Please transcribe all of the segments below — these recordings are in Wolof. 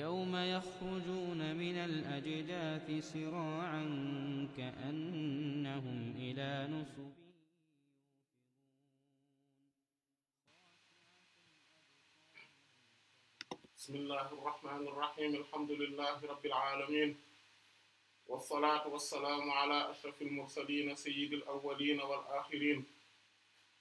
يوم يخرجون من الأجداث سراعا كأنهم إلى نصب بسم الله الرحمن الرحيم الحمد لله رب العالمين والصلاة والسلام على أشرف المرسلين سيد الأولين والآخرين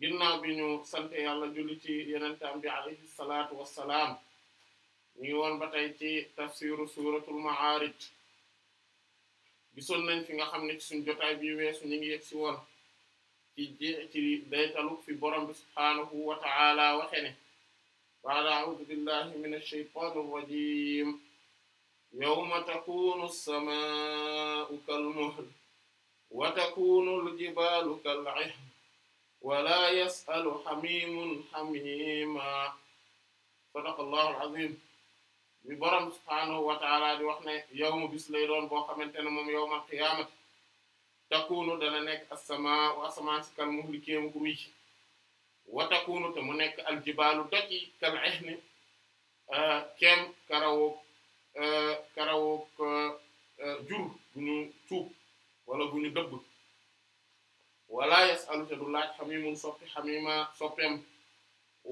ginnaaw bi ñu sant yàlla julli ci yenentaam bi alayhi salaatu wassalaam ñu ngi woon ba tey ci tafsiru suratul ma'arij nañ fi nga xam ne ci suñ jotaay bi weesu ñu ngi yegg si woon ci je ci fi borom bi subhaanahu wa ta'ala waxe ne ba'da a'udhu billahi minash shaytanir rajim yawma takunu as-samaa'u kal muhl wa al-jibaalu kal 'ihn wala yasalu xamimun xamima sadaqallahu alazim bi borom subhaanahu wa taala di wax ne yawma bis lay doon boo xamante ne moom yawmal qiyaamati takunu dana nekk assamaa wa asamaan si kal muhli kéemu ku wicc wa takunu te mu nekk aljibaalu doj yi kal ihni euh, kéem karawoog euh, karawoog euh, jur bu ñu tuub wala bu ñu dëbb wala yasalu te du laaj xamimun soppi xamima soppeem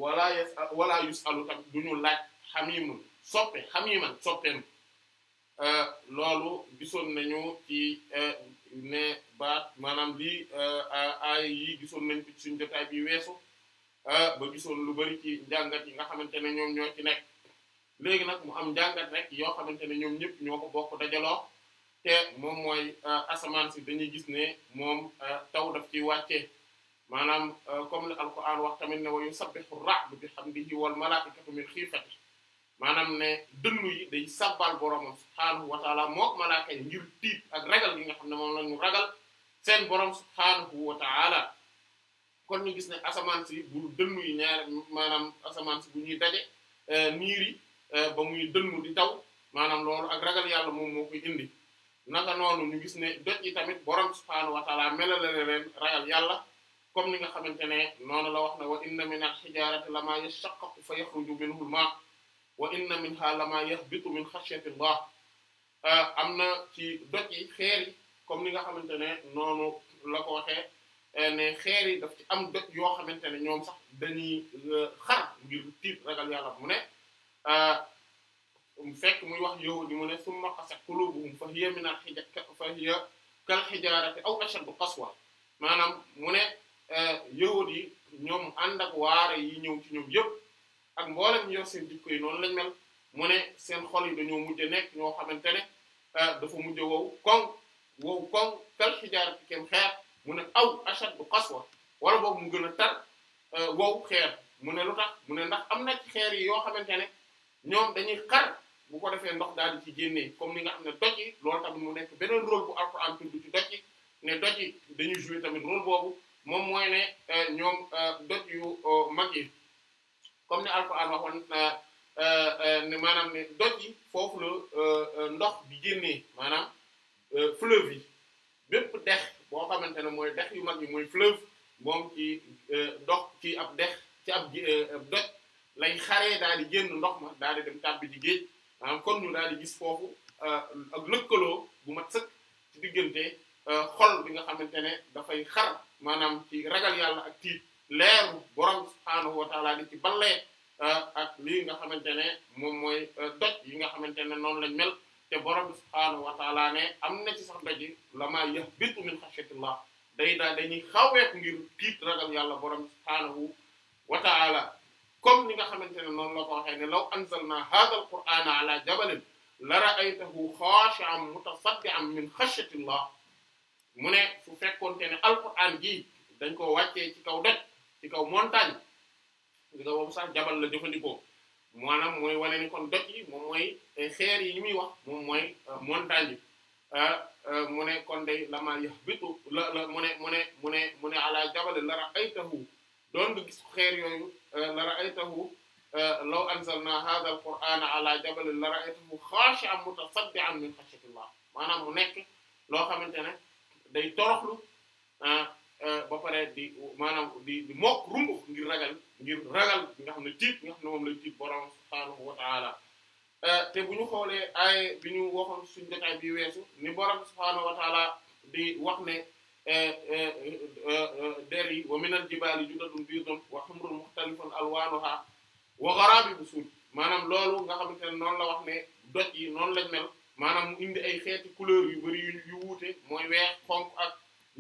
wala yas wala yusalu tamit ñu laaj xamimun soppe xamiman soppeem euh, loolu gisoon nañu ci euh, ne baat maanaam lii euh, ay yi gisoon nañ ko ci suñu bi weesu ba gisoon lu bari ci njàngat yi nga xamante ne ñoom ñoo ci nekk léegi nag mu am njàngat rek yoo xamante ne ñoom ñëpp ñoo ko bokk dajaloo te moom mooy euh, asamaan si dañuy gis ne moom euh, taw daf ciy wàcce maanaam euh, comme le alquran wax tamit ne wa yusabbihu ar-ra'du bi hamdihi wal malaa'ikatu min khifatihi maanaam ne dënnu yi day sabbal boromam subhaanahu wa ta'ala moo malaaka yi ngir tiit ak ragal gi nga xam ne moom la ñu ragal seen borom subhaanahu wa ta'ala kon ñu gis ne asamaan si bu dënnu yi ñaar maanaam asamaan si bu ñuy daje niir yi ba muy dënnu di taw maanaam loolu ak ragal yàlla moom moo koy indi naka noonu ñu gis ne doj yi tamit borom subhaanahu ragal yàlla comme ni nga xamante ne noonu la wax ne wa inna min al-hijaarati lamaa yashaqqaqu fa yakhruju minhu al-maa' wa inna minhaa lamaa yahbitu min khashyati Allah euh, am na ci doj yi xeer yi comme ni nga xamante ne noonu la ko euh, ne xeer am doj yoo xamante ne ñoom sax dañuy euh, xar tiit ragal yàlla mu ne. fekk muy wax yow di mu ne summa qasat qulubuhum fa hiya min al-hijaj fa hiya kal hijarati aw ashaddu qaswa maanaam mu ne eh, yahud yi ñoom ànd ak waare yi ñëw ci ñoom yëpp ak mboolem ñu yor seen jikko yi noonu lañ mel mu ne seen xol yi dañoo mujj nekk ñoo xamante ne eh, dafa mujj wow koŋ wow koŋ kal hijarati kenn xeer mu ne aw ashaddu qaswa wala boobu mu gën a tar eh, wow xeer mu ne lu tax mu ne ndax am na ci xeer yi yoo xamante ne ñoom dañuy bu ko defee ndox daal di ci génnee comme ni nga xam ne doj yi loolu tamit mu nekk beneen rôle bu alxuraan tudd ci doj yi ne doj yi jouer tamit rôle boobu moom mooy ne euh, ñoom euh, doj yu euh, mag yi comme ni alxuraan maanaam ne doj foofu la ndox di génnee maanaam fleuve yi bépp dex boo xamante ne mooy dex yu mag yi mooy fleuve moom ci dox ci ab dex ci ab doj lay xaree daal di génn ndox ma daal di dem tàbbi ci gén maanaam kon ñu daal di gis foofu euh, ak lëkkaloo bu mat sëkk ci diggante euh, xol bi nga xamante ne dafay xar maanaam ci ragal yàlla ak tiit leeru bu subhaanahu wa taala di ci ballee euh, ak lii nga xamante ne moom mooy doj yi nga xamante ne noonu lañ mel te borom bi subhaanahu wa ne am na ci sax doj yi lama yahbitu min xashatillah day daal dañuy xaweeku ngir tiit ragal yàlla borom bi subhaanahu wa comme ni nga xamante ne noonu la ko waxee ne law anzalna hadha al-qur'ana ala jabalin la ra'aytahu khashi'an mutasaddi'an mu ne su fekkoonte ne alquran gii dañ ko wàccee ci kaw doj ci kaw montagne li nga boobu sax jabal la jëfandikoo maanaam mooy wane ni kon doj mooy eh, xeer yi ñu muy wax moom mooy eh, montagne yi ah, eh, mu ne kon day la ma yahbitu la la mu ne mu ne mu ne mu ne ala jabal la ra'aytahu doon nga gis xeer yooyu la ra'aytahu law anzalna hadha al-qur'ana ala jabalin la ra'aytahu khashi'an mutasaddi'an min khashyatillah maanaam mu nekk loo xamante ne day toroxlu ba pare di maanaam di di mokk rumbux ngir ragal ngir ragal nga xam ne tiit nga moom lay tiit borom subhaanahu wa te bu ñu xoole ay bi ñu waxoon suñu jotaay bi weesu ni borom subhaanahu wa di wax ne Eh, eh, eh, der yi wa minal jibaali judadun biidun wa humrun mukhtalifun alwaanuha wa gharabibu suud maanaam loolu nga xamante ne noonu la wax ne doj yi noonu lañ maanaam indi ay xeeti couleur yu bari yu yu wuute mooy weex xonk ak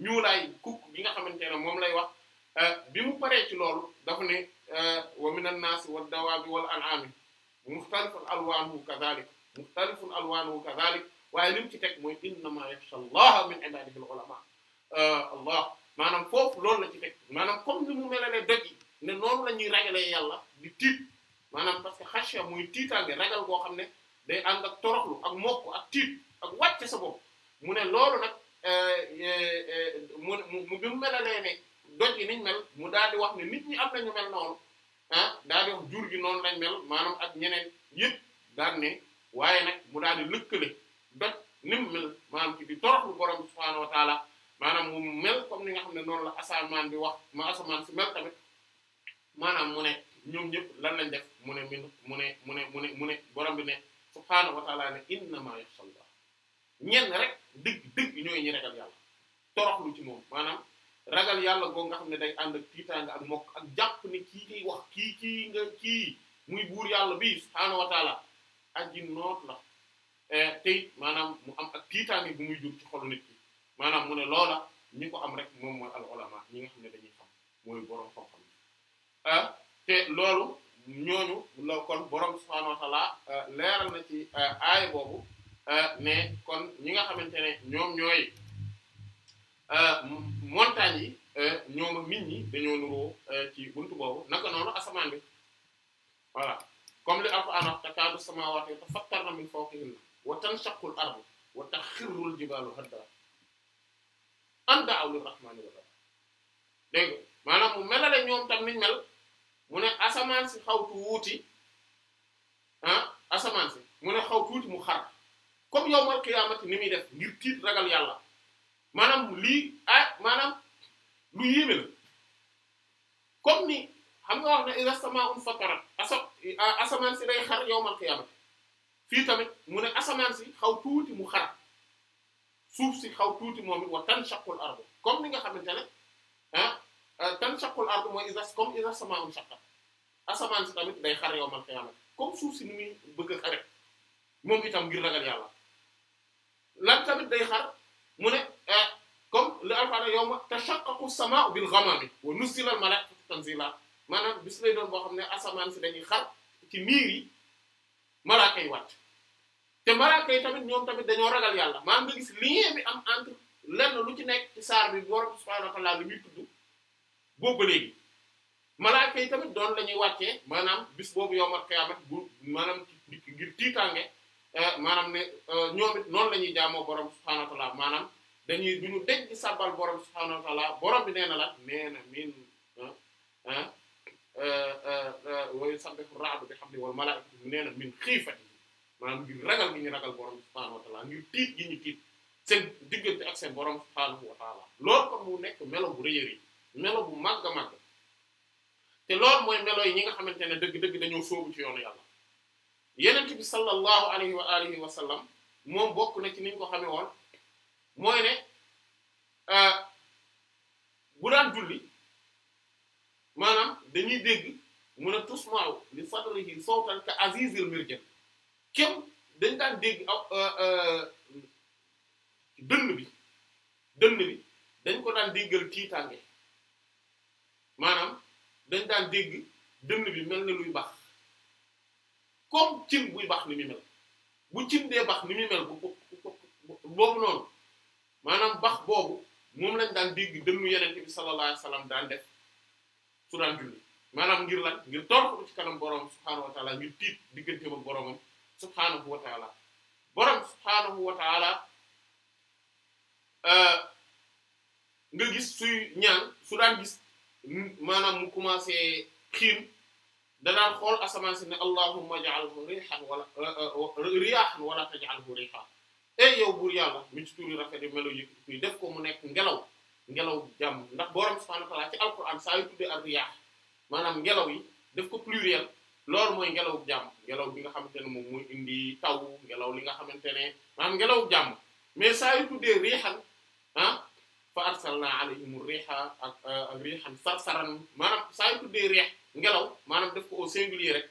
ñuulaay kukk gi nga xamante ne moom lay wax bi mu paree ci loolu dafa ne wa minan naasi wad dawaabi wa an'aami mukhtalifun alwaanuhu kadhalik mukhtalifun alwaanuhu kadhalik waaye li ci teg mooy innamaa yakhsha allaha min ibaadihi al-ulamaa Euh, allah maanaam foofu loolu la ci teg maanaam comme ni mu melalee doj ne noonu la ñuy ragalee yàlla di tiit maanaam parce que xasha muy tiitaange ragal boo xam ne day ànd ak toroxlu ak mokk ak tiit ak wàcce sa bopp mu ne loolu nag euh, euh, mu mu mu melalee ne doj yi mu daal di wax ne nit ñi am nañu mel noonu ah daal di wax jur gi noonu lañ mel maanaam ak ñeneen yëpp daal ne waaye nag mu daal di lëkk doj ni mel maanaam ci di toroxlu borom bi subhaanahu maanaam mu mel comme ni nga xam ne noonu la asamaan bi wax ma asamaan si mel tamit maanaam mu ne ñoom ñëpp lan lañ def mu ne min mu ne mu ne mu ne mu ne borom bi ne subhaanahu wa ta'ala ne innama yaxshallah ñenn rek dëgg dëgg ñooy ñi ragal yàlla toroxlu ci yàlla goo nga xam ne day ànd ak tiitaanga ak mokk ak jàpp ne kii kiy wax kii kii nga kii muy buur yàlla bi subhaanahu wa ta'ala aji noot la eh, te maanaam mu am ak tiitaange bu muy jur ci xolu nit ki maanaam mu ne loola ñi ko am rek moom mooy al ulama ñi nga xam ne dañuy xam mooy borom xam-xam ah, loolu ñooñu la kon borom subhaanahu ah, leeral na ci ah, aay boobu ne kon ñi nga xamante ne ñoom ñooy montagnes yi ñoom ak nit ñi dañoo nuroo ci buntu boobu naka noonu asamaan bi voilà comme li alquran wax takaadu samaawaatu yatafattarna min fawqihinna wa tanshaqqu al-ardu wa taxirru al-jibaalu hadda an daaw lir rahmaani wala dégg nga maanaam mu melale ñoom tam niñ mel mu ne asamaan si xaw tuuti ah asamaan si mu ne xaw tuuti mu xar comme yawmal qiyaamati ni muy def ngir tiit ragal yàlla maanaam lii ah maanaam lu yéeme la comme ni xam nga wax ne iza samaa'un fatarat ah, asamaan si day xar yawmal qiyaamati fii tamit mu ne asamaan si xaw tuuti mu xar suuf si xaw tuuti moom it wa tanshaqul ardu comme ni nga xamante ne ah, ah tanshaqul ardu mooy isas comme isas samaa'u shaqqat asamaan si tamit day xar yawmal qiyaama comme suuf si ni muy bëgg a xare moom itam ngir ragal yàlla lan tamit day xar mu ne ah, comme li alfaana yawma tashaqqaqu samaa'u bil ghamaami wa nuzzila al malaa'ikatu tanziila maanaam bis lay doon boo xam ne asamaan si dañuy xar ci miir yi malaaka yi wàcc te malaaka yi tamit ñoom tamit dañoo ragal yàlla maa nga gis lien bi am entre lenn lu ci nekk ci saar bi borom subhaanahu wa ta'aala bi ñuy tudd boobu léegi malaaka yi tamit doon la ñuy maanaam bis boobu yowmal qiyaamah bu maanaam ngir tiitaange eh, maanaam ne eh, ñoom it noonu la ñuy jaamoo maanaam dañuy duñu dëj di sabbal borom subhaanahu wa ta'aala bi nee na la nee na min ah, ah eh, wa yusabbihu ar-ra'du bihamdihi wal malaa'ikatu nee na min xiifati maanaam ngir ragal ngi ñu ragal borom subhaanahu wa ngir tiit gi ñu tiit seen diggante ak seen borom subhaanahu wa ta'ala loolu mu nekk melo bu rëy melo bu màgg a màgg te loolu mooy melo yi ñi nga xamante ne dëgg-dëgg dañoo sóobu ci yoonu yàlla yenent bi sallallahu alayhi wa alihi wa moom bokk na ci niñ ko xamee woon mooy ne euh, bu daan julli maanaam dañuy dégg mun a tusma'u li fadlihi sawtan ka azizil mirjan kem dañ daan dégg euh, euh, dënn bi dënn bi dañ ko daan déggal tiitange maanaam dañ daan dégg dënn bi mel ni luy baax comme cin buy baax ni muy mel bu cin dee baax ni muy mel boobu noonu maanaam baax boobu moom lañ daan dégg dënnu yeneen bi sallallahu alayhi wasallam daan def su daan julli maanaam ngir lan ngir tor ko ci kanam boroom subhaanahu wa ta'ala ngir tiit diggante ak boroomam subhaanahu wa taala borom subhaanahu wa euh, nga gis suy ñaan su daan gis maanaam mu commencé xiim danaan xool asamaan si ne allahumma ja'alhu rihan wala euh, euh, riyahan wala taj'alhu riha ey eh, yow buur yàlla mi ci turi rafet yi melo yëkkati def ko mu nekk ngelaw ngelaw jàmm ndax borom subhaanahu wa taala ci alquran saa yu tuddee ar riyah maanaam ngelaw yi def ko pluriel loolu mooy ngelaw jàmm ngelaw bi nga xamante ne moom mooy indi taw ngelaw li nga xamante ne maanaam ngelaw jàmm mais saa yu tuddee riixan ah fa arsalna alayhim riiha euh, ak riixan sarsaran maanam saa yu tuddee riix ngelaw maanaam def ko au singulier rek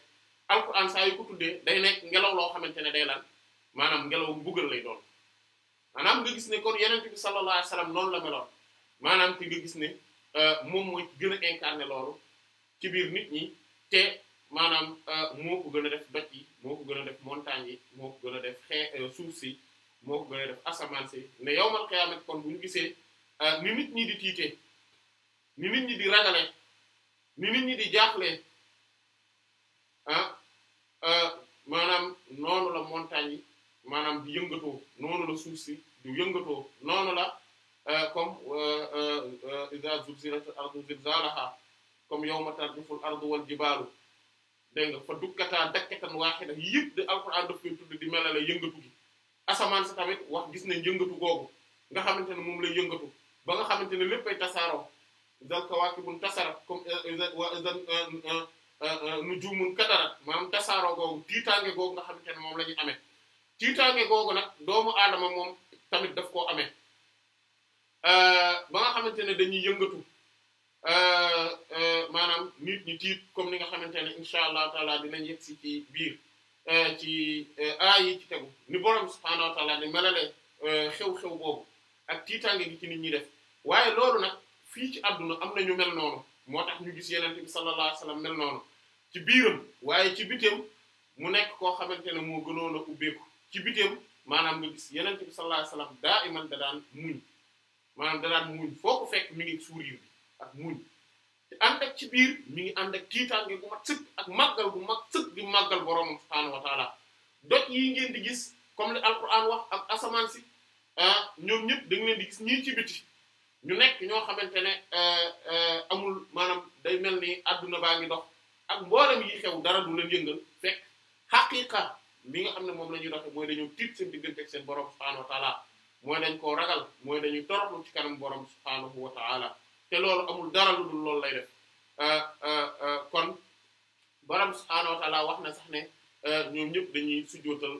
alquran saa yu ko tuddee day nekk ngelaw loo xamante ne day lan maanaam ngelaw mbugal lay doon maanaam nga gis ne kon yeneen bi sallallahu alayhi wasallam noonu la meloon maanaam te nga gis ne euh, moom mooy gën a incarné loolu ci biir nit ñi te. maanaam euh, moo ko gën a def doj yi moo ko gën a def montagne yi moo ko gën a def xee euh, suuf si moo ko gën a def asamaan si ne yawmal qiyaamat kon bu ñu gisee euh, ni nit ñi di tiite ni nit ñi di ragale ni nit ñi di jaaxle ah maanaam noonu la montagne yi maanaam du yëngatoo noonu la suuf si di yëngatoo noonu la comme iza zulzilatil ardu zilzalaha comme yawma tarjuful ardu wal jibaalu dégg nga fa dukkataa dakkatan waaxida yëpp de alxuraan daf koy tudd di melale yëngatu asamaan sa tamit wax gis nañ yëngatu googu nga xamante ne moom lay yëngatu ba nga xamante ne léppay tasaaroo dal kawaakibun tasarat comme euh, euh, euh, nujumun katarat maanaam tasaaroo googu tiitaange googu nga xamante ne moom la ñu amee tiitaange googu nag doomu aadama moom tamit daf koo amee ba nga xamante ne dañuy yëngatu Euh, euh, maanaam nit ñi tiit comme ni nga xamante ne incha allah taala dinañ yegg si ci biir euh, ci aay yi ni borom subhaanahu wa taala xew-xew boobu ak tiitaange gi ci nit ñi def waaye loolu nag fii ci àdduna am na ñu mel noonu moo ñu gis yeneen bi sallallahu alayhi wasallam mel noonu ci biiram waaye ci bitam mu nekk koo xamante ne moo gënoon a ubbeeku ci bitam maanaam nga gis yeneen bi sallallahu alayhi daa iman da daan muñ maanaam da daan muñ foo ko fekk mi ngi sourire ak muñ te ànd ci biir mi ngi ànd ak tiitaange gu mat sëkk ak màggal gu mag sëkk di màggal borom subhaanahu wa taala yi ngeen di gis comme li alquran wax ak si ah, ñoom ñëpp da nga leen di gis ñii ci biti ñu nekk ñoo xamante ne eh, eh, amul maanaam day mel ni adduna baa ngi dox ak mboolem yi xew dara du leen yëngal fekk xaqiqa li nga xam ne moom la ñu doxe mooy dañoo tiit seen diggante ak seen borom subhaanahu wa taala mooy dañ koo ragal mooy dañuy toroxlu ci kanam borom subhaanahu wa te loolu amul dara lu dul loolu euh, euh, euh, kon borom subhaanahu wa wax na sax ne ñoom ñëpp dañuy sujjootal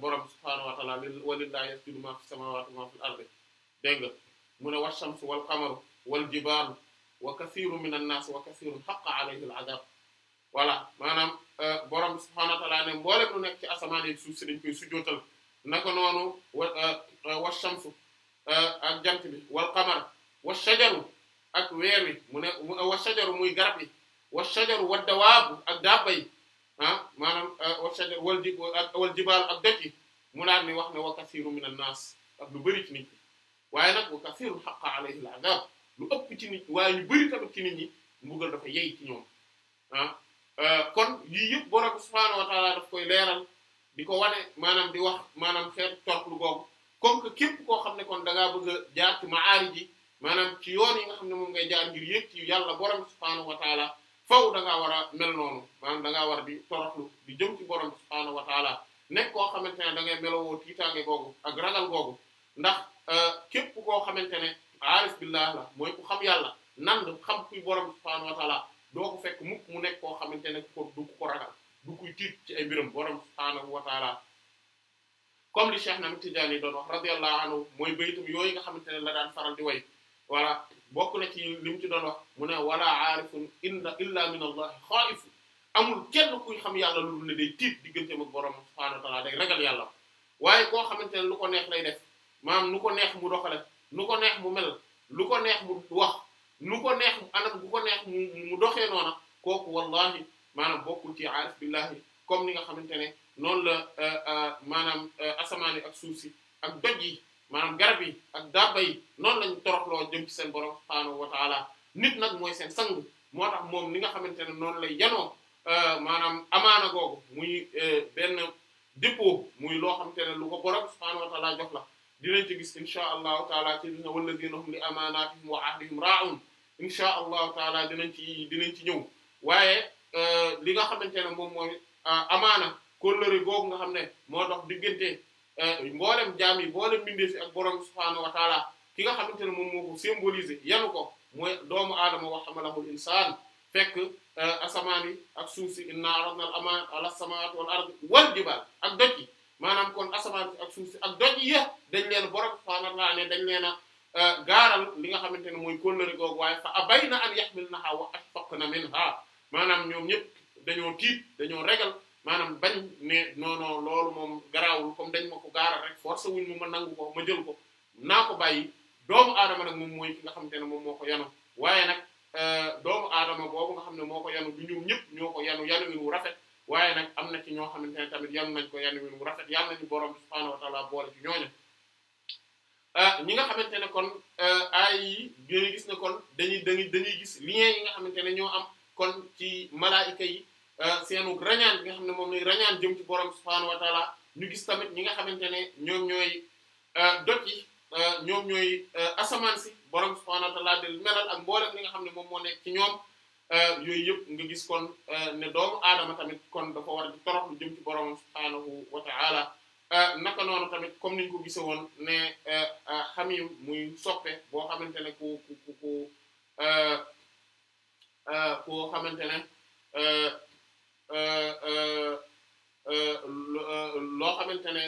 borom subhaanahu wa ta'ala walillahi yasjudu ma fi samawati wa ma fil ardi dégg nga mu ne wal qamaru wal jibaalu wa kathiirun min an-naasi wa kathiirun haqqa alayhi al-'adhaab voilà maanaam borom subhaanahu wa ta'ala ne mboolem lu nekk ci asamaan yi suuf si dañ koy sujjootal naka noonu wa wash-shamsu ak jant bi wal qamar wash-shajaru ak weer wi mu ne wa shajaru muy garab yi wa shajaru wa dawaabu ak dabba yi ah eh, wa shajaru wal ji wal jibaal ak doj yi ni wax ne wa kasiiru minan naas ak lu bëri ci nit waaye nag wa kasiiru haqqa alayhi al-azaab lu ëpp ci nit waaye ñu bëri tamit ci nit ñi mbugal dafa yey ci ñoom ah, eh, kon yii yëpp borom subhaanahu daf koy leeral di ko wane maanaam di wax maanaam xeetu torop lu googu comme que képp koo xam ne kon da ngaa bëgg a jaar ci maari maanaam ci yoon yi nga xam ne moom ngay jaar ngir yëg ci yàlla borom subhaanahu wa taala faw da war a mel noonu maanaam da ngaa war di toroxlu di jëm ci borom subhaanahu wa nekk koo xamante ne da ngay melowoo tiitaange googu ak ragal googu ndax euh, képp koo xamante ne aarif billah mooy ku xam yàlla nand xam kuy borom subhaanahu wa doo ko fekk mukk mu nekk koo xamante ne ko du ko ragal du kuy tiit ci ay mbiram borom subhaanahu wa taala comme li Cheikh Ahmed Tidiane doon wax radiyallahu anhu mooy baytum yooyu nga xamante ne la daan faral di way voilà bokk na ci li mu ci doon wax mu ne wala aarifun inna illa min allahi xaaifu amul kenn kuy xam yàlla lu dul ne day tiit digganteem ak borom subhaanahu wa ta'ala day yàlla waaye koo xamante ne lu ko neex lay def maanaam nu ko neex mu doxale nu ko neex mu mel lu ko neex mu wax nu ko neex mu bu ko neex mu mu doxee noona kooku wallahi maanaam bokkul ci aarif billahi comme ni nga xamante ne noonu la euh, euh, maanaam euh, asamaan ak suuf si ak doj yi maanaam garab yi ak dabba yi noonu lañ toroxloo jëm ci seen borom subhaanahu wa nit nag mooy seen sang moo tax moom li nga xamante ne noonu lay yanoo euh, maanaam amaana googu muy euh, benn dépôt muy loo xam xamante ne lu ko borom subhaanahu wa taala jox la dinañ ci gis insha allahu taala ci dina walladina hum li amanatihim wa ahdihim ra'un insha allahu taala dinañ ci dinañ ci ñëw waaye euh, li nga xamante ne moom mooy amaana kóllëre googu nga xam ne moo dox diggante Euh, mboolem jaam yi mboolem mbindee ak borom subhaanahu wa taala ki nga xamante ne moom moo ko symboliser yanu ko mooy doomu aadama wa hamalahul insaan fekk euh, asamaan yi ak suuf si inna aradna al amaana ala samaawaati wal ardi wal jibaal ak doj yi maanaam kon asamaan si ak suuf ak doj yi yëpp dañ leen borom subhaanahu wa ne dañ leen a euh, gaaral li nga xamante ne mooy kóllëre googu waaye fa abayna an yaxmilnahaa wa ashfaqna minhaa maanaam ñoom ñëpp dañoo tiit dañoo regal maanaam bañ ne non non loolu moom garaawul comme dañ ma ko gaaral rek force wuñ ma ma nangu ko ma jël ko naa ko bàyyi doomu aadama nag moom mooy ki nga xamante ne moom moo ko yanu waaye nag euh, doomu aadama boobu xam ne moo ko yanu ñëpp ñoo ko yanu yanu wi rafet waaye nag am na ci ñoo xamante ne tamit yanu nañ ko yanu wi wu rafet yàlla nañu borom subhaanahu wa ta'aala boole ci ñooñu euh, ñi nga xamante ne kon euh, ay yi gis ne kon dañuy dañuy dañuy gis lien yi nga xamante ne ñoo am kon ci malaayika yi. Euh, seenu rañaan bi nga xam ne moom lañ rañaan jëm ci borom subhaanahu wa taala ñu gis tamit ñi nga xamante ne ñoom ñooy euh, doj yi euh, ñoom ñooy asamaan si borom subhaanahu wa taala del melal ak mboolem li nga xam ne moom moo nekk ci ñoom yooyu yëpp nga gis kon ne doomu aadama tamit kon dafa war di torox lu jëm ci borom subhaanahu naka noonu tamit comme niñ ko gise woon ne xamim muy soppe boo xamante ne ku ku ku ku koo xamante ne Euh, euh, euh, loo xamante ne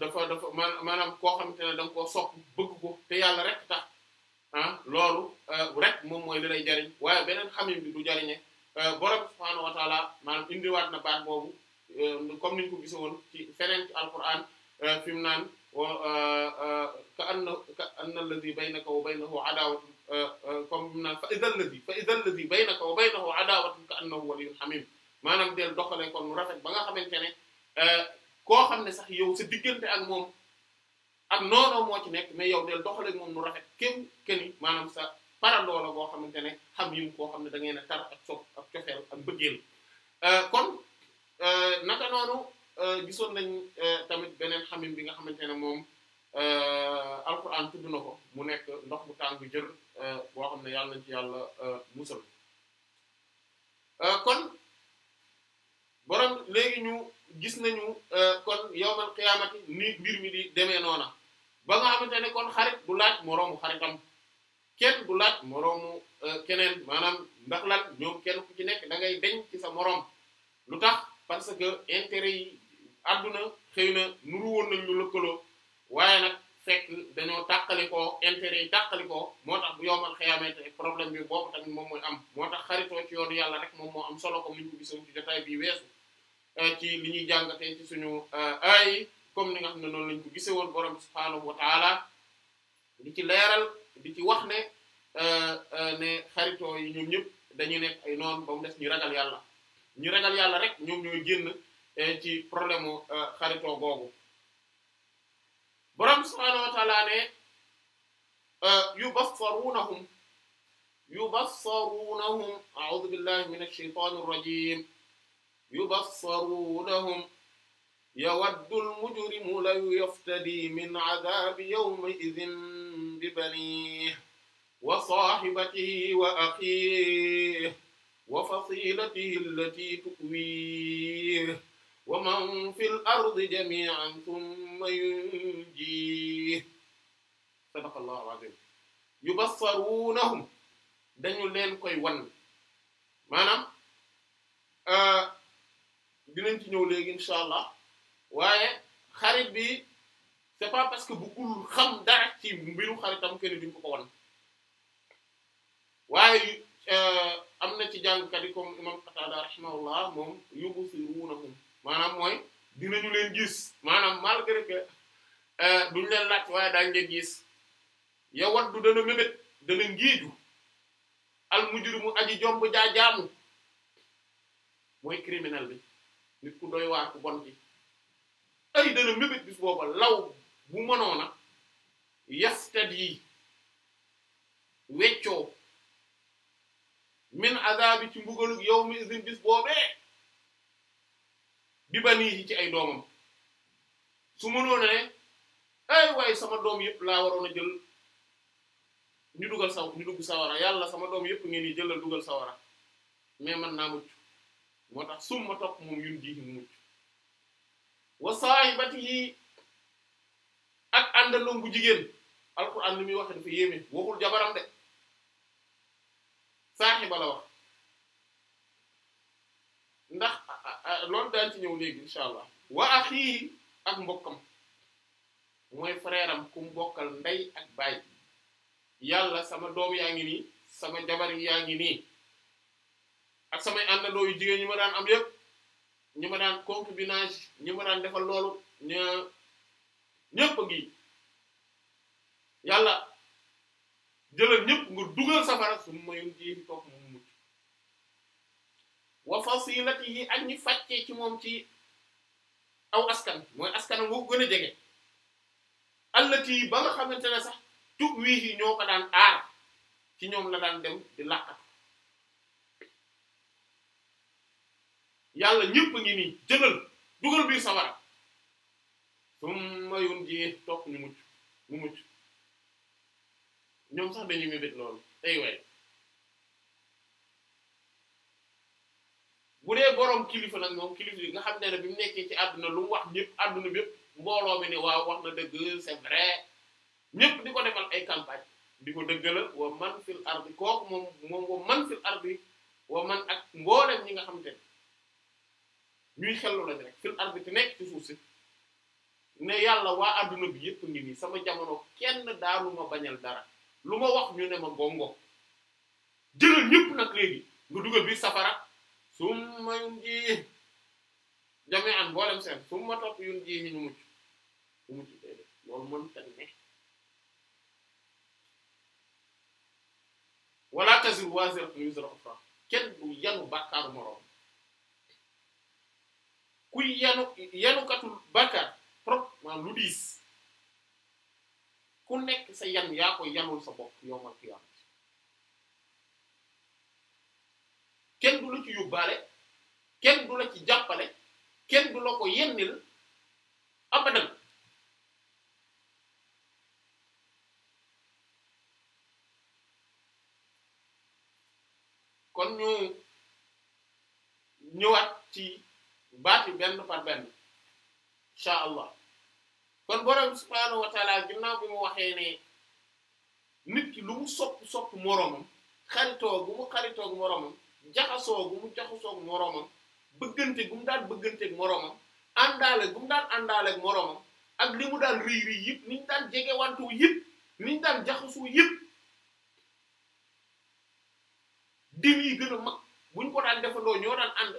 dafa dafa maanaam koo xamante ne da nga koo sopp bëgg ko te yàlla rek tax ah loolu rek moom mooy li lay jariñ waaye beneen xamim bi du jariñe borom subhaanahu wa taala maanaam indiwaat na baat boobu comme niñu ko gisoon ci feneen ci alquran fi mu naan ka anna ka anna alladhi baynaka wa baynahu adawatun Euh, euh, comme mu naan fa idal lazi fa idal lazi baynaka wa baynahu adawatun ka annahu waliyyun hamim maanaam del doxalee kon mu rafet ba nga xamante ne euh, koo xam ne sax yow sa diggante ak moom ak noonoo moo ci nekk mais yow del doxalee moom nu rafet ken keni maanaam sa parandoo la boo xamante ne xam yim koo xam ne da ngeen a tar ak sopp ak cofeel ak bëggeel kon naka noonu gisoon nañ tamit beneen xamim bi nga xamante ne moom alquran tudd na ko mu nekk ndox mu tàng jër Euh, boo xam ne yàlla nañ ci yàlla euh, musal euh, kon borom léegi ñu gis nañu kon yawmal qiyaamati ni mbir mi di demee noona ba nga xamante kon xarit du laaj moroomu xaritam kenn du laaj moroomu keneen maanaam ndax lan ñoom kenn ku ci nekk dangay ngay ci sa moroom lu tax parce que intérêt yi àdduna xëy na nuru woon nañ lëkkaloo waaye nag fekk dañoo tàqalikoo intérêt yi tàqalikoo moo tax bu yomal xëyaamee te problème bi boobu tamit moom mooy am moo tax xaritoo ci yoonu yàlla rek moom moo am solo comme ni ñu ko gisoon ci jotaay bi weesu euh, ci li ñuy jàngatee suñu euh, ay comme ni nga xam ne noonu lañu ko gisee woon borom subhaanahu wa taala di ci leeral di ci wax ne euh, ne xaritoo yi ñoom ñëpp dañuy nekk ay noon ba mu des ñu ragal yàlla ñu ragal yàlla rek ñoom ñooy génn ci problème mu xaritoo googu. borom bi subhaanahu wa ta'aala ne yubassaruunahum yubassaruunahum a'uuzu billahi minash shaytaanir rajiim yubassaruunahum yawaddul mujrimu law yaftadi min 'adhaabi yawma'idhin bi baniihi wa saahibatihi wa akhiihi wa fasiilatihi allatii tu'wiihi wa man fil ardi jami'an thumma yunjih sadaqallahu azim yubassarunahum dañu leen koy wan maanaam euh, dinañ ci ñëw léegi insha allah waaye xarit bi c'est pas parce que bëggul xam dara ci mbiru xaritam kenn duñ ko ko wan waaye euh, am na ci jàngkat yi comme imam Qatada maanaam mooy dinañu leen gis maanaam malgré que euh, duñ leen laaj waaye daañu leen gis ya waddu dana mébét dana ngiiju al mujrimu aji jomb jaajaamu mooy criminel bi nit ku doy waar ku bon ci ay dana mébét bis booba law bu mënoona yastat yi weccoo min azaabi ci mbugalug yawmi izin bis boobee bi banihi ci ay doomam su mënoon ne ay sama doom yëpp laa waroon a jël ñu dugal saw ñu dugg sawara yàlla sama doom yëpp ngeen di jëlal dugal sawara mais man naa mucc moo tax summa topp moom yun ji mucc wa saahibatihi ak àndaloom bu jigéen alquran li muy waxe dafa yéeme waxul jabaram de saaxiba la wax loolu daan ci ñëw léegi incha allah wa axii ak mbokkam mooy frère am ku mbokkal ndey ak baay yàlla sama doom yaa ngi nii sama jabar yaa ngi nii ak samay àndandoo yu jigéen ñi ma daan am yëpp ñi ma daan binage ñi ma daan defal loolu ña ñëpp ngi yàlla jëlal ñëpp nga dugal safara su ma yun jiim waa wa fasilatihi ak ñi fàccee ci moom ci aw askan mooy askan woo gën a jege allati ba nga xamante ne sax tu wii ñoo ko daan aar ci ñoom la daan dem di làqat yàlla ñëpp ngi nii jëlal dugal biir sawara summa yunjee toog ñu mucc mu mucc ñoom sax dañuy loolu ay way bu dee borom kilifa nag moom kilifa bi nga xam ne ne bi mu nekkee ci àdduna lu mu wax ñëpp àdduna bi yëpp mbooloo mi ne waaw wax na dëgg c'est vrai ñëpp di ko defal ay campagne di ko dëggalal wa man fil ardi kooku moom moom wa man fil ardi wa man ak mboolem ñi nga xam ne ñuy xellu lañ rek fil ardi te nekk ci suuf si ne yàlla waa àdduna bi yëpp ngi nii sama jamono kenn daanu ma bañal dara lu ma wax ñu ne ma gongo jëlal ñëpp nag léegi nga dugal biir safara summa yunjihi jami'an mboolem seen summa topp yunjihi ñu mucc ñu mucc déedéet loolu mënta ne wala taziru waziratun wizra ukhra kenn du yanu bàkkaaru moroom kuy yanu yanukatul bàkkaar trop maanaam lu diis ku nekk sa yan yaa koy yanul sa bopp yow ma kiyam kenn du la ci yóbbaale kenn du la ci jàppale kenn du la ko yennil abadan kon ñu ñëwaat ci baati benn par benn incha allah kon borom subhaanahu wa taala bi mu waxee nit ki lu mu sopp sopp moroomam xaritoo bu mu xaritoo ak jaxasoo gu mu jaxasoo ak moroomam gu mu daan bëggante ak moroomam gu mu daan àndaale ak ak li mu daan rëy rëy yëpp ni ñu daan jege wantu yëpp ni ñu daan jaxasoo yëpp yi gën a mag bu ñu ko daan defandoo ñoo daan ànd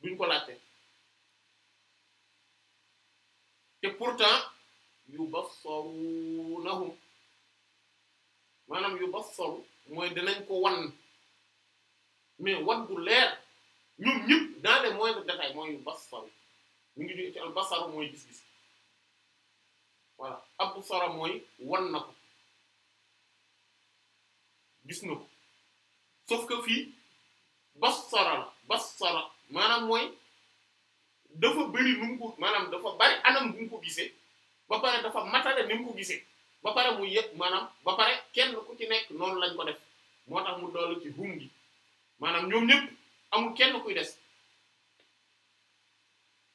duñ ko laate te pourtant yu ba soru nahum maanaam yu bassaru mooy dinañ ko wan mais wan bu leer ñoom ñëpp dans les moindres détails mooy yu bassaru ñu ngi jóge ci al basaru mooy gis-gis voilà absara mooy wan na ko gis na ko sauf que fii bassara la maanaam mooy dafa bëri nu ko maanaam dafa bari anam bu mu ko gisee ba pare dafa matale ni mu ko gisee ba pare mu yëpp maanaam ba pare kenn ku ci nekk noonu lañ ko def moo tax mu dollu ci hum gi maanaam ñoom ñëpp amul kenn kuy des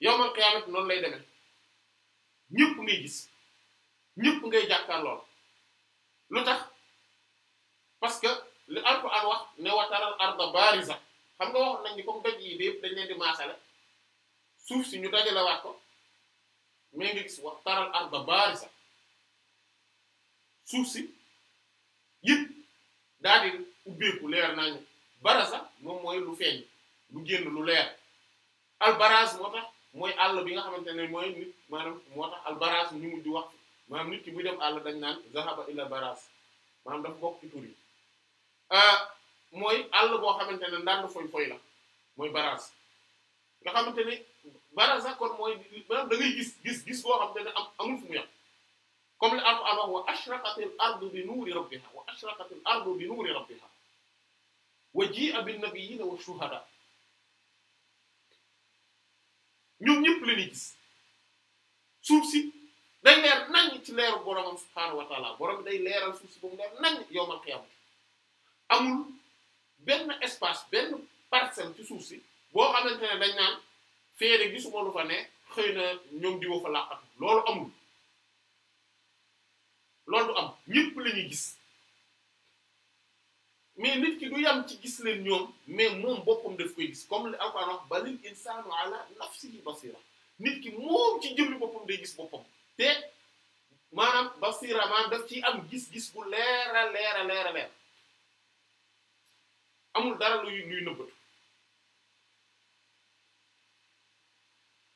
yawmal qiyaamat noonu lay demee ñëpp ngay gis ñëpp ngay jàkkaarloo lu tax parce que li alquran wax ne wataral arda bariza xam nga waxoon nañ ni ko doj yi bi yëpp dañ leen di maasale suuf si ñu dajalewaat ko mais nga gis wataral arda bariza suuf si yëpp daal di ubbeeku leer nañu sax moom mooy lu feeñ lu génn lu leer albaraz moo tax mooy àll bi nga xamante ne mooy nit maanaam moo tax albaraz ñu mujj wax maanaam nit ki buy dem àll dañ naan zahaba ila baraz maanaam dafa bokk ci tur yi ah, mooy àll boo xamante ne ndànd foy foy la mooy baraz nga xamante ne baraza kon mooy maanaam da gis gis gis boo xamante ne am amul fu mu yàq adam wa ashraqatil ardu bi nuuri rabbiha wa ashraqatil ardu bi nuuri rabbiha wa ji'a ñoom ñëpp la gis suuf si day leer nañ ci leeru boromam subhaanahu wa taala borom day leeral suuf si ba mu leer nañ yawmal qiyaamah amul benn espace benn parcelle ci suuf si boo xamante dañ naan feere gisuma lu fa ne xëy na ñoom diwa fa laqatu loolu amul. lool du am ñëpp la gis mais nit ki du yam ci gis leen ñoom mais moom boppam daf koy gis comme li Alxuraan wax balil insaanu ala nafsihi basira nit ki moom ci jëmmi boppam day gis boppam te maanaam basira maanaam def ci am gis-gis bu leer a leer a leer amul dara luy luy nëbbatu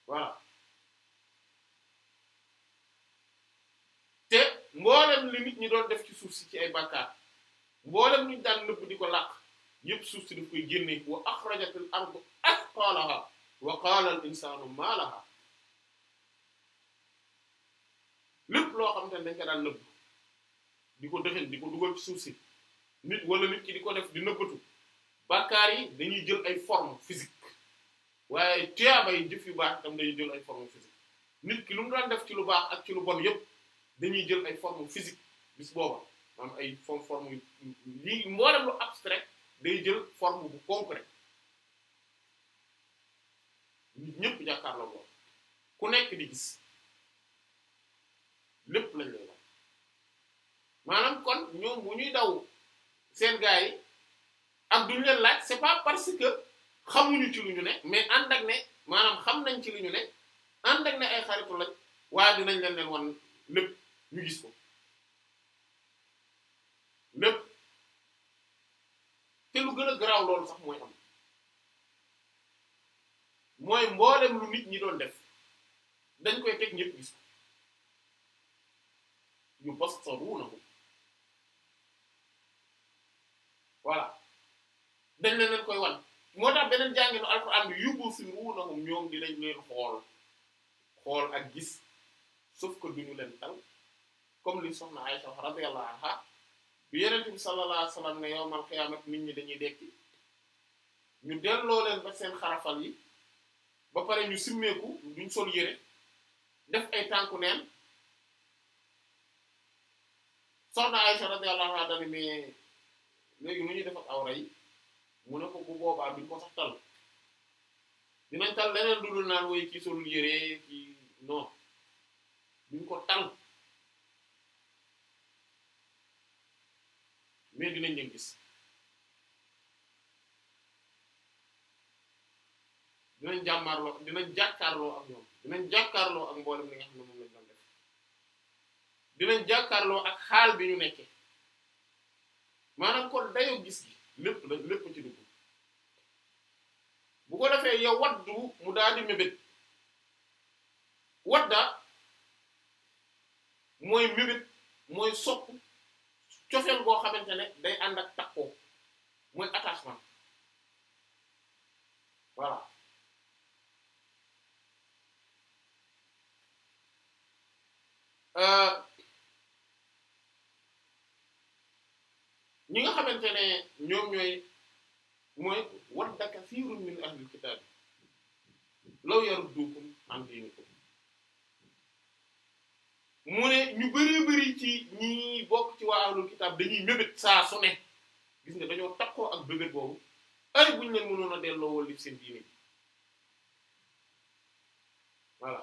voilà mboolem li nit ñi doon def ci suuf si ci ay bàkkaar mboolem ñu daan nëbb di ko làq yëpp suuf si daf koy génne wa axrajatil ardu asqalaha wa qaala insaanu maa lépp loo xam te ne dañ ko daan nëbb di ko dëxin di ko dugal ci suuf si nit wala nit di ko def di nëbbatu bàkkaar yi dañuy jël ay forme physique waaye tuyaaba yi jëf yu baax tam dañuy jël ay forme physique nit ki lu mu daan def ci lu baax ak ci lu bon yëpp dañuy jël ay forme physique bis booba maanaam ay forme forme yu lii mboolem lu abstrait day jël forme bu concret nit jàkkaar la boobu ku nekk di gis lépp lañ lay wax maanaam kon ñoom bu ñuy daw seen gars yi ak duñu leen laaj c'est pas parce que xamuñu ci lu ñu ne mais ànd ak ne maanaam xam nañ ci lu ñu ne ànd ak ne ay xaritu lañ waaye dinañ leen leen wan lépp ñu gis ko lépp te lu gën a garaaw loolu sax mooy am mooy mboolem lu nit ñi doon def dañ koy teg ñëpp gis ko ñu bastaruuna ko voilà dañ leen leen koy wan moo tax beneen jànginu alxuraan yu yóbbu si ruunahum ñoom dinañ leen xool xool ak gis sauf que ñu leen tal comme li soxna Aysa radiyallahu anha bi Yonent bi sallallahu alayhi wasallam ne yawmal qiyaamati nit ñi dañuy dekki ñu delloo leen ba seen xarafal yi ba pare ñu simmeeku duñ sol yére def ay tànku neen soxna Aysa radiyallahu anha dana mais léegi nu ñuy def awra yi mu ne ko bu boobaa duñ ko sax tal dinañ tal leneen dudul naan wooy kii solul yére kii non duñ ko tal mais dinañ gis dinañ jàmmaarloo dinañ jàkkaarloo ak ñoom dinañ jàkkaarloo ak mboolem li nga xam dinañ jàkkaarloo ak xaal bi ñu nekkee maanaam kon dayoo gis gi lépp la lépp ci dugg bu ko defee yow waddu mu daal di mébét wadda mooy mébét mooy sopp cofeel boo xamante ne day ànd ak takkoo mooy attachement voilà euh, ñi nga xamante ne ñoom ñooy mooy wadda kasiirun min ahlil kitaabi law yaruddukum an diinikum mu ne ñu bëree bëri ci ñi bokk ci waa ahlul kitaab dañuy mébét saa su gis nga dañoo takkoo ak bébét boobu ay buñ leen mënoon a delloo wallif seen diine ji voilà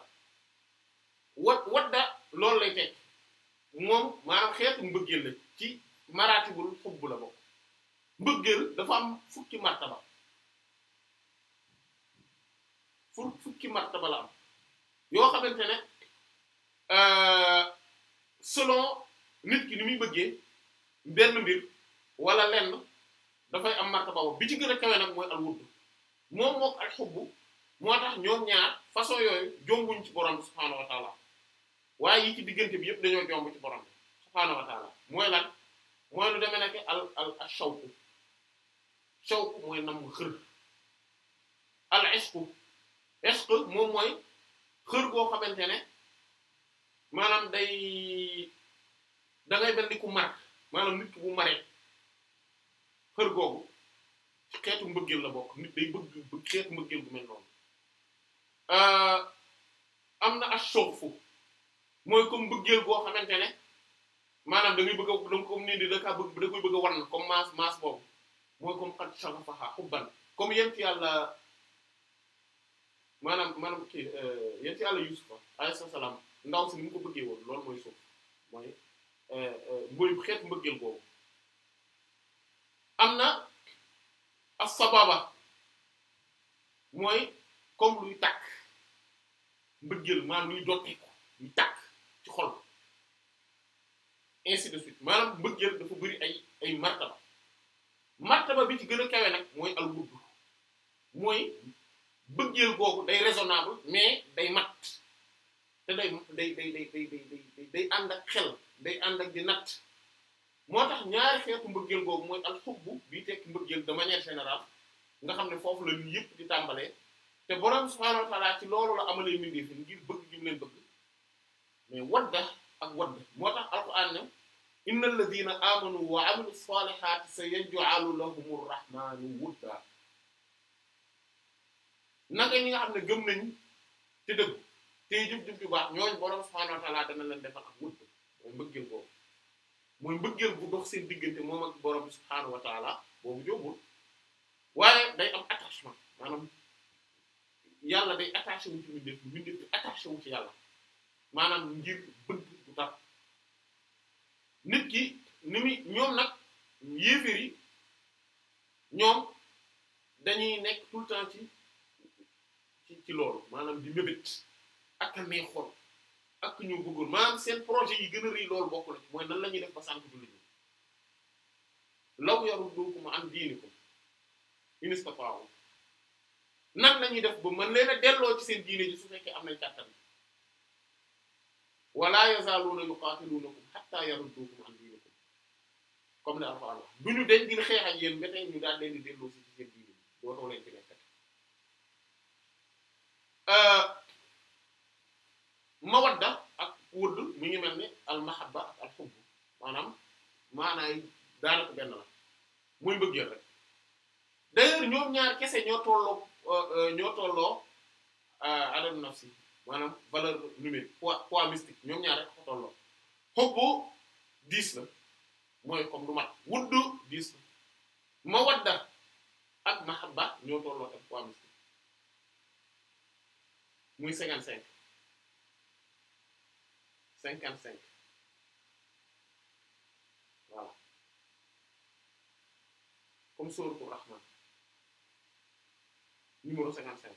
wat wadda lool lay teg moom maanaam xeetu mbëggeel la ci maraatibul xubb la bokk mbëggeel dafa am fukki martaba fur fukki martaba la am yoo xamante ne Euh, selon nit ki ni muy bëggee benn mbir wala lenn dafay am martaba bi ci gën a kawe nag mooy al wudd moom mook ak xubbu moo tax ñoom ñaar façon yooyu jombuñ ci borom bi subhaanahu wa taala waaye yi ci diggante bi yëpp dañoo jomb ci borom bi subhaanahu wa taala mooy lan mooy lu demee nekk al al al shawku shawku mooy nam xër al isku isku moom mooy xër goo xamante ne maanaam day da ngay mel ni ku mar maanaam nit ku bu maree xër googu xeetu mbëggeel la bokk nit day bëgg xeetu mbëggeel bu mel noonu euh, am na as soofu mooy comme mbëggeel boo xamante ne maanaam da ngay bëgg da comme nii di da kaa bëgg da koy comme maas maas boobu mooy comme xat sagafaxa xubban comme yent yàlla maanaam maanaam kii euh, yent yàlla yusufa alayhi salaam ndaw si ni mu ko bëggee woon loolu mooy suuf mooy euh, euh, mooy mbëggeel boobu am na as sababa mooy comme luy tàkk mbëggeel maanaam luy dotteeku luy tàkk ci xol ainsi de suite maanaam mbëggeel dafa bëri ay martaba martaba bi ci gën a kawe nag mooy al wudd mooy bëggeel googu day raisonnable mais day mat te day day day day day day day ànd ak xel day ànd ak di natt moo tax ñaari xeetu mbëggeel boobu mooy alxubbu bi tekki mbëggeel de manière nga xam ne foofu la ñun yëpp di tàmbalee te borom subhaanahu wa ta'aala ci loolu la amalee mbindeef fi ngir bëgg gi bëgg mais wadda ak wadda moo tax alxuraan ne inna alladhiina aamanu wa 'amilu s-saalihaati sayaj'alu lahumu r-rahmaanu wudda naka ñi nga xam ne gëm nañu te dëgg. tey jëf-jëf ju baax ñooñu borom subhaanahu wa dana leen defal ak wut mooy mbëggeel boobu mooy mbëggeel bu dox seen diggante moom ak borom subhaanahu wa ta'aala boobu jógul waaye day am attachement maanaam yàlla day attaché bi attaché yàlla maanaam ngir bëgg bu tax nit ki ni muy ñoom nag yéeféer yi ñoom dañuy nekk tout le temps ci ci ci loolu maanaam di mébét. ak a neex xol ak ñoo bëggoon maanaam seen projet yi gën a rëy loolu bokk na mooy nan la ñuy def ba sànq jullit ñi law yarul doo ko ma am diini ko inistafaawu nan la def ba mën leen delloo ci seen diine ji su fekkee am nañ kàttan wala yazaaluuna yuqaatiluunakum hattaa yarudduukum an diinikum comme ne Alxuraan wax du ñu dañ din xeex ak yéen ba tey ñu daal leen di delloo ci seen diine dootoo leen ci nekk euh, mawadda ak wudd mi ngi mel ni al mahabba ak al hubb maanaam maanaay daanaka benn la muy mbëggeel rek d'ailleurs ñoom ñaar kese ñoo tolloo euh, euh, ñoo tolloo euh, adam nafsi maanaam valeur numérique poids poids mystique ñoom ñaar rek tolloo hubbu diis la mooy comme du mat wudd diis la mawadda ak mahabba ñoo tolloo ak poids mystique muy cinquante cinq cinquante cinq voilà comme sourate Rahman numéro cinquante cinq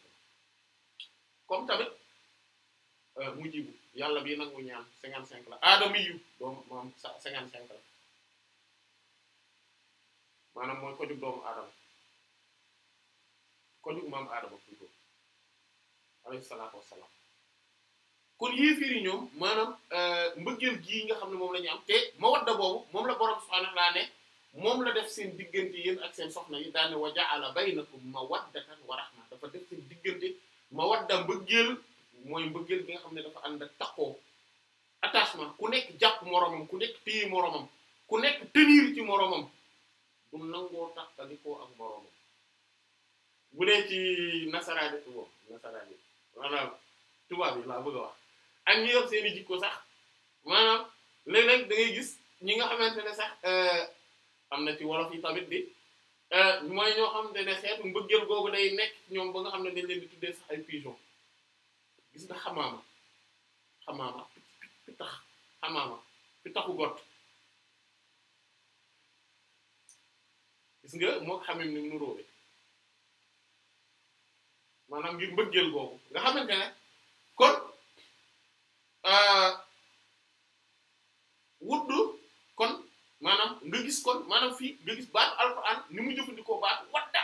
comme tamit euh, mu jibu yàlla bi nangu ñaan cinquante cinq la aadama yu doomu moom cinquante cinq la maanaam mooy ko doomu aadama ko jug maam aadama plutôt alayhi salaatu wassalaam kon yéefir yi ñoom maanaam euh, mbëggeel gii nga xam ne moom la am te moom la borom subhaanahu moom la def seen diggante yéen ak seen soxna yi daane wa ja'ala baynakum mawaddatan wa rahma dafa def seen diggante mawadda mbëggeel mooy mbëggeel gi nga xam ne dafa ànd ak taqoo attachement ku nekk jàpp moromam ku nekk téye moromam ku nekk tenir ci moromam bu nangoo takkali koo ak moromam bu dee ci nasaraan tubaab yi laa bëgg a wax. ak ñu yor seen i jikko sax maanaam léeg-léeg da gis ñi nga xamante ne sax euh, am na ci wolof yi tamit bi euh, mooy ñoo xamante ne xeetu mbëggeel googu day nekk ñoom ba nga xam ne dañ leen di tuddee sax ay pigeon gis nga xamaama xamaama pi tax xamaama pi taxu gis nga moo ko xamim ni mu nuróobe maanaam ngir mbëggeel googu nga xamante kon Euh, wuddu kon maanaam nga kon maanaam fii nga gis baatu alquran ni mu jëfandikoo baatu wadda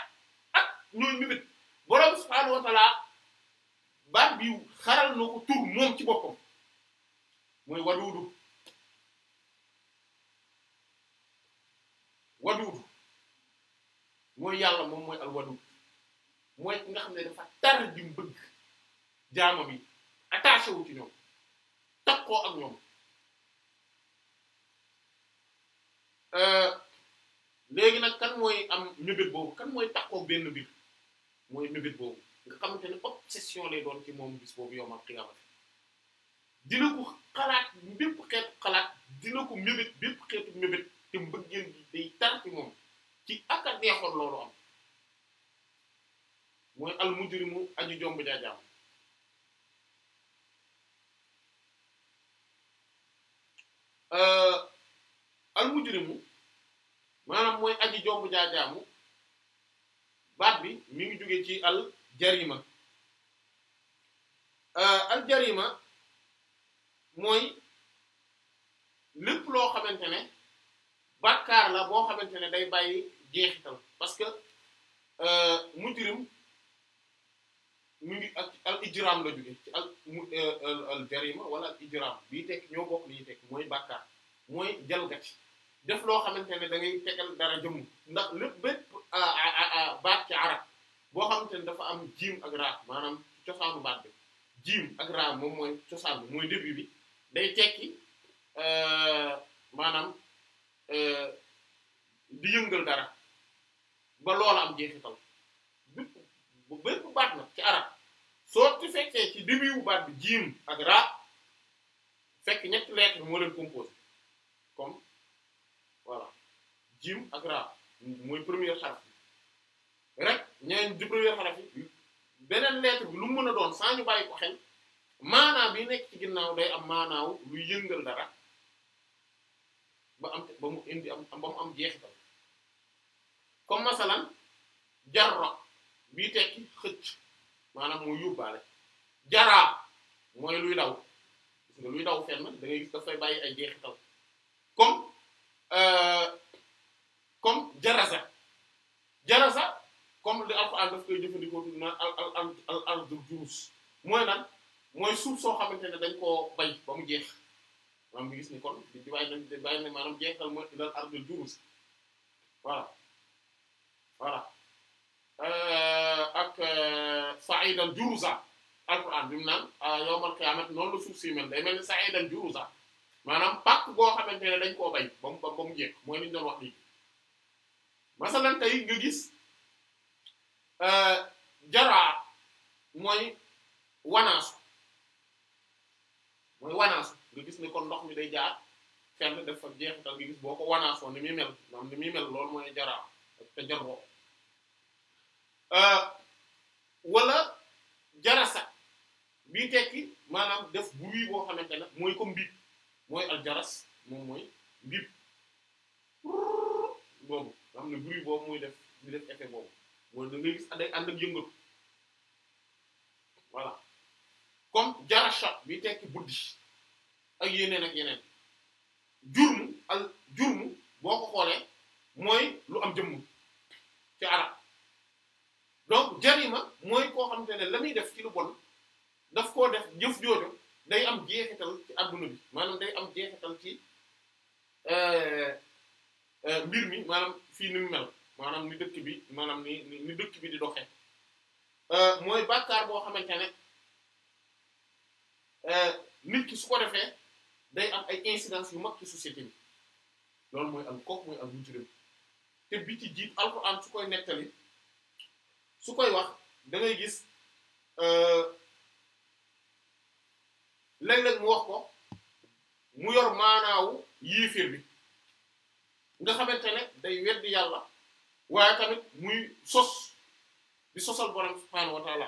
ak ñooy mébét borom subhaanahu wa taala baat bi xaral na ko tur moom ci boppam mooy waduudu waduudu mooy yàlla moom mooy al waduud mooy ki nga xam ne dafa tar di mu bëgg jaama bi attaché wu ci takkoo ak ñoom euh, léegi nag kan mooy am mébét boobu kan mooy takkoo benn mbir mooy mébét boobu nga xamante ne obsession lay doon ci moom bis boobu yowmal xiyaamati dina ko xalaat bépp xeetu xalaat dina ko mébét bépp xeetu mébét te mbëggeel gi day tar ci moom ci ak a neexoon loolu am mooy al mujrimu aju jomb jaajaam Euh, al mujrimu maanaam mooy aji jomb jaajaamu baat bi mi ngi jóge ci al jarima euh, al jarima mooy lépp loo xamante ne bàkkaar la boo xamante ne day bàyyi jeexital parce que euh, mujrim mu ngi ak al ijram la jóge ci al mu euh, euh, al jarima wala al ijram bii tekk ñoo bokk li ñuy mooy bàkkaar mooy jalgati def loo xamante ne dangay ngay tegal dara jëmm ndax lépp bépp baat ci arab boo xamante ne dafa am jiim ak raa maanaam cosaanu baat bi jiim ak raa moom mooy cosaan bi mooy début bi day tekki euh, maanaam di yëngal dara ba loola am jeexital bu bépp baat na ci arab soo ci fekkee ci début wu baat bi jiim ak ra fekk ñetti lettres moo leen composé comme voilà jiim ak ra mooy premier xaraf bi rek ñeneen di premier xaraf beneen lettre bi lu mu mën a doon sans ñu ko xel maanaa bi nekk ci ginnaaw day am maanaaw luy yëngal dara ba am ba mu indi am ba mu am jeexital comme masalan jarra bii tekki xëcc maanaam mooy yóbbaale jaraa mooy luy daw gis nga luy daw fenn da ngay gis dafay bàyyi ay jeexital comme euh, comme jaraza jaraza comme li alxuraan daf koy jëfandikoo na al al al al al jurus mooy lan mooy suuf soo xamante ne dañ koo bay ba mu jeex maanaam bi gis ni kon di di bàyyi nañ bàyyi nañ maanaam jeexital mooy ilal ardul jurus voilà voilà Euh, ak euh, sa'idan juruza alquran bi mu naan euh, yawmal qiyamah noonu la suuf si mel day mel ni sa'idan juruza maanaam pàcc boo xamante ne dañ koo bay ba mu ba mu jeex mooy li ñu doon wax léegi masalan tey nga gis jaraa mooy wanaasu mooy wanaasu nga gis ne kon ndox mi day jaar fenn def fa jeexital nga gis boo ko wanaasoo ni muy mel maanaam ni muy mel loolu mooy jaraa te jaroo Euh, walla jarasa bii tekki maanaam def bruit boo xamante ne mooy comme mbiib mooy jaras moom mooy mbiib boobu nga xam ne bruit boobu mooy def bi def effet boobu mooy da ngay gis ànd ak ànd ak comme jarasha bi tekki buddi ak yeneen ak yeneen jurmu al jurmu boo ko xoolee mooy lu am jëmm ci arab muy def ci lu bon daf koo def jëf jooju day am jeexital ci adduna bi maanaam day am jeexital ci euh, euh, mbir mi maanaam fii ni mel maanaam ni dëkk bi maanaam ni ni dëkk bi di doxee euh, mooy bàkkaar boo xamante ne nit ki su ko defee day am ay incidence yu mag ci société bi loolu mooy al kook mooy al mujrim te bi ci jiit alxuraan su koy nettali su koy wax da gis Euh, léeg-léeg mu wax mu yor maanaawu yiifir bi nga xamante ne day weddi yàlla waaye tamit muy sos di sosal borom subhaanahu wa taala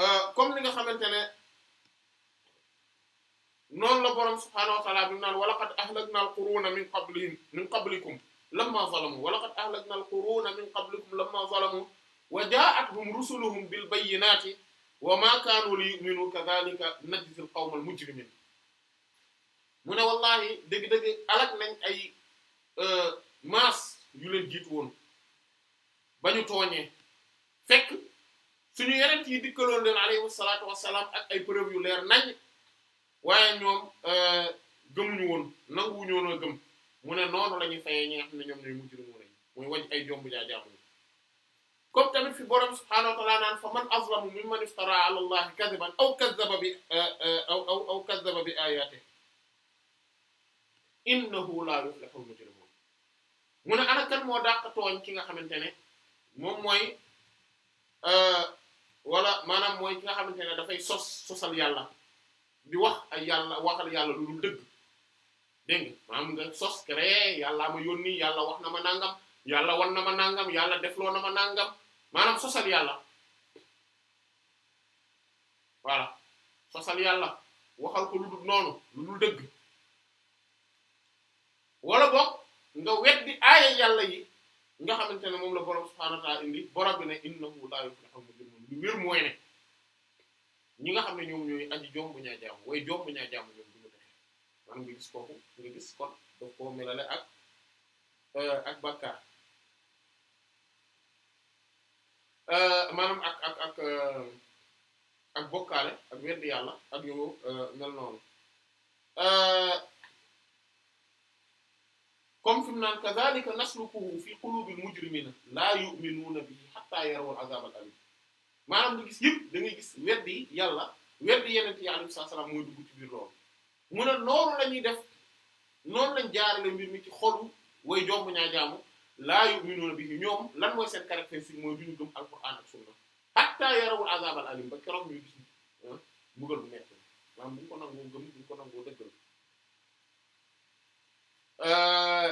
euh, comme li nga xamante ne noonu la borom subhaanahu wa taala bi naan wa laqad ahlakna al-quruuna min qablihim min qablikum lamma zalamu wa laqad ahlakna al-quruuna min qablikum lamma zalamu wa jaa'athum rusuluhum bil bayyinaati wa maa kaanu li yu'minu kadhalika najzi al qawma al mu ne wallahi dëgg-dëgg alak ay euh, maas yu leen jiitu woon ba ñu tooñee fekk suñu yeneen yi dikkaloon leen alayhi salaatu wassalaam ak ay preuve yu nañ waaye ñoom euh, gëmuñu woon nanguwuñu woon a gëm mu ne noonu la ñi nga xam ne ñoom ñooy mujrimu lañ mooy waj ay jomb jaa jaamu comme tamit fi borom subhaanahu wa ta'aala naan fa man azlamu mimman iftara ala allahi kadiban aw kazzaba bi eh, eh, aw aw aw kazzaba bi ayaatihi innahu la yuflihul mujrimuun mu ne ana kan moo dàq tooñ ki nga xamante ne moom mooy eh, wala maanaam mooy ki nga dafay sos sosal yàlla di wax ay yàlla waxal yàlla lu dul dëgg dégg nga maanaam nga sos créé yàllaa ma yónni yàlla wax na ma nangam yàlla wan na ma na ma nangam maanaam sosal yàlla voilà sosal yàlla waxal ko lu dul noonu lu dul dëgg wala boog nga weddi aaya yàlla yi nga xamante ne moom la borom subhaanahu wa ta'aala indi borom bi ne innahu laa yuflihu al-mujrimuun lu wér mooy ne ñi nga xam ne ñoom ñooy aji jomb ñaa way jomb ñaa ñoom du ñu def maanaam nga gis kooku nga gis kon daf koo melale ak euh, ak Euh, maanaam ak ak ak euh, bokkaale ak weddi yàlla ak yu euh, mel noonu comme fi mu naan kazalika naslukuhu fi qulubil mujrimina laa yu'minuuna bihi hatta yarawul azab al alim maanaam nga gis yëpp da gis weddi yàlla weddi yeneen yi alayhi salaam mooy dugg ci biir loolu mu ne loolu la def noonu lañ jaarale mbir mi ci xolu way jomb ñaa jaamu laa yu'minuuna bihi ñoom lan mooy seen caractéristique mooy du ñu gëm alquran ak sunna hatta yarawul azabal alim ba keroog ñuy gis ah, mbugal bu nekk maanaam bu ñu ko nangoo gëm bu ko nangoo dëggal euh,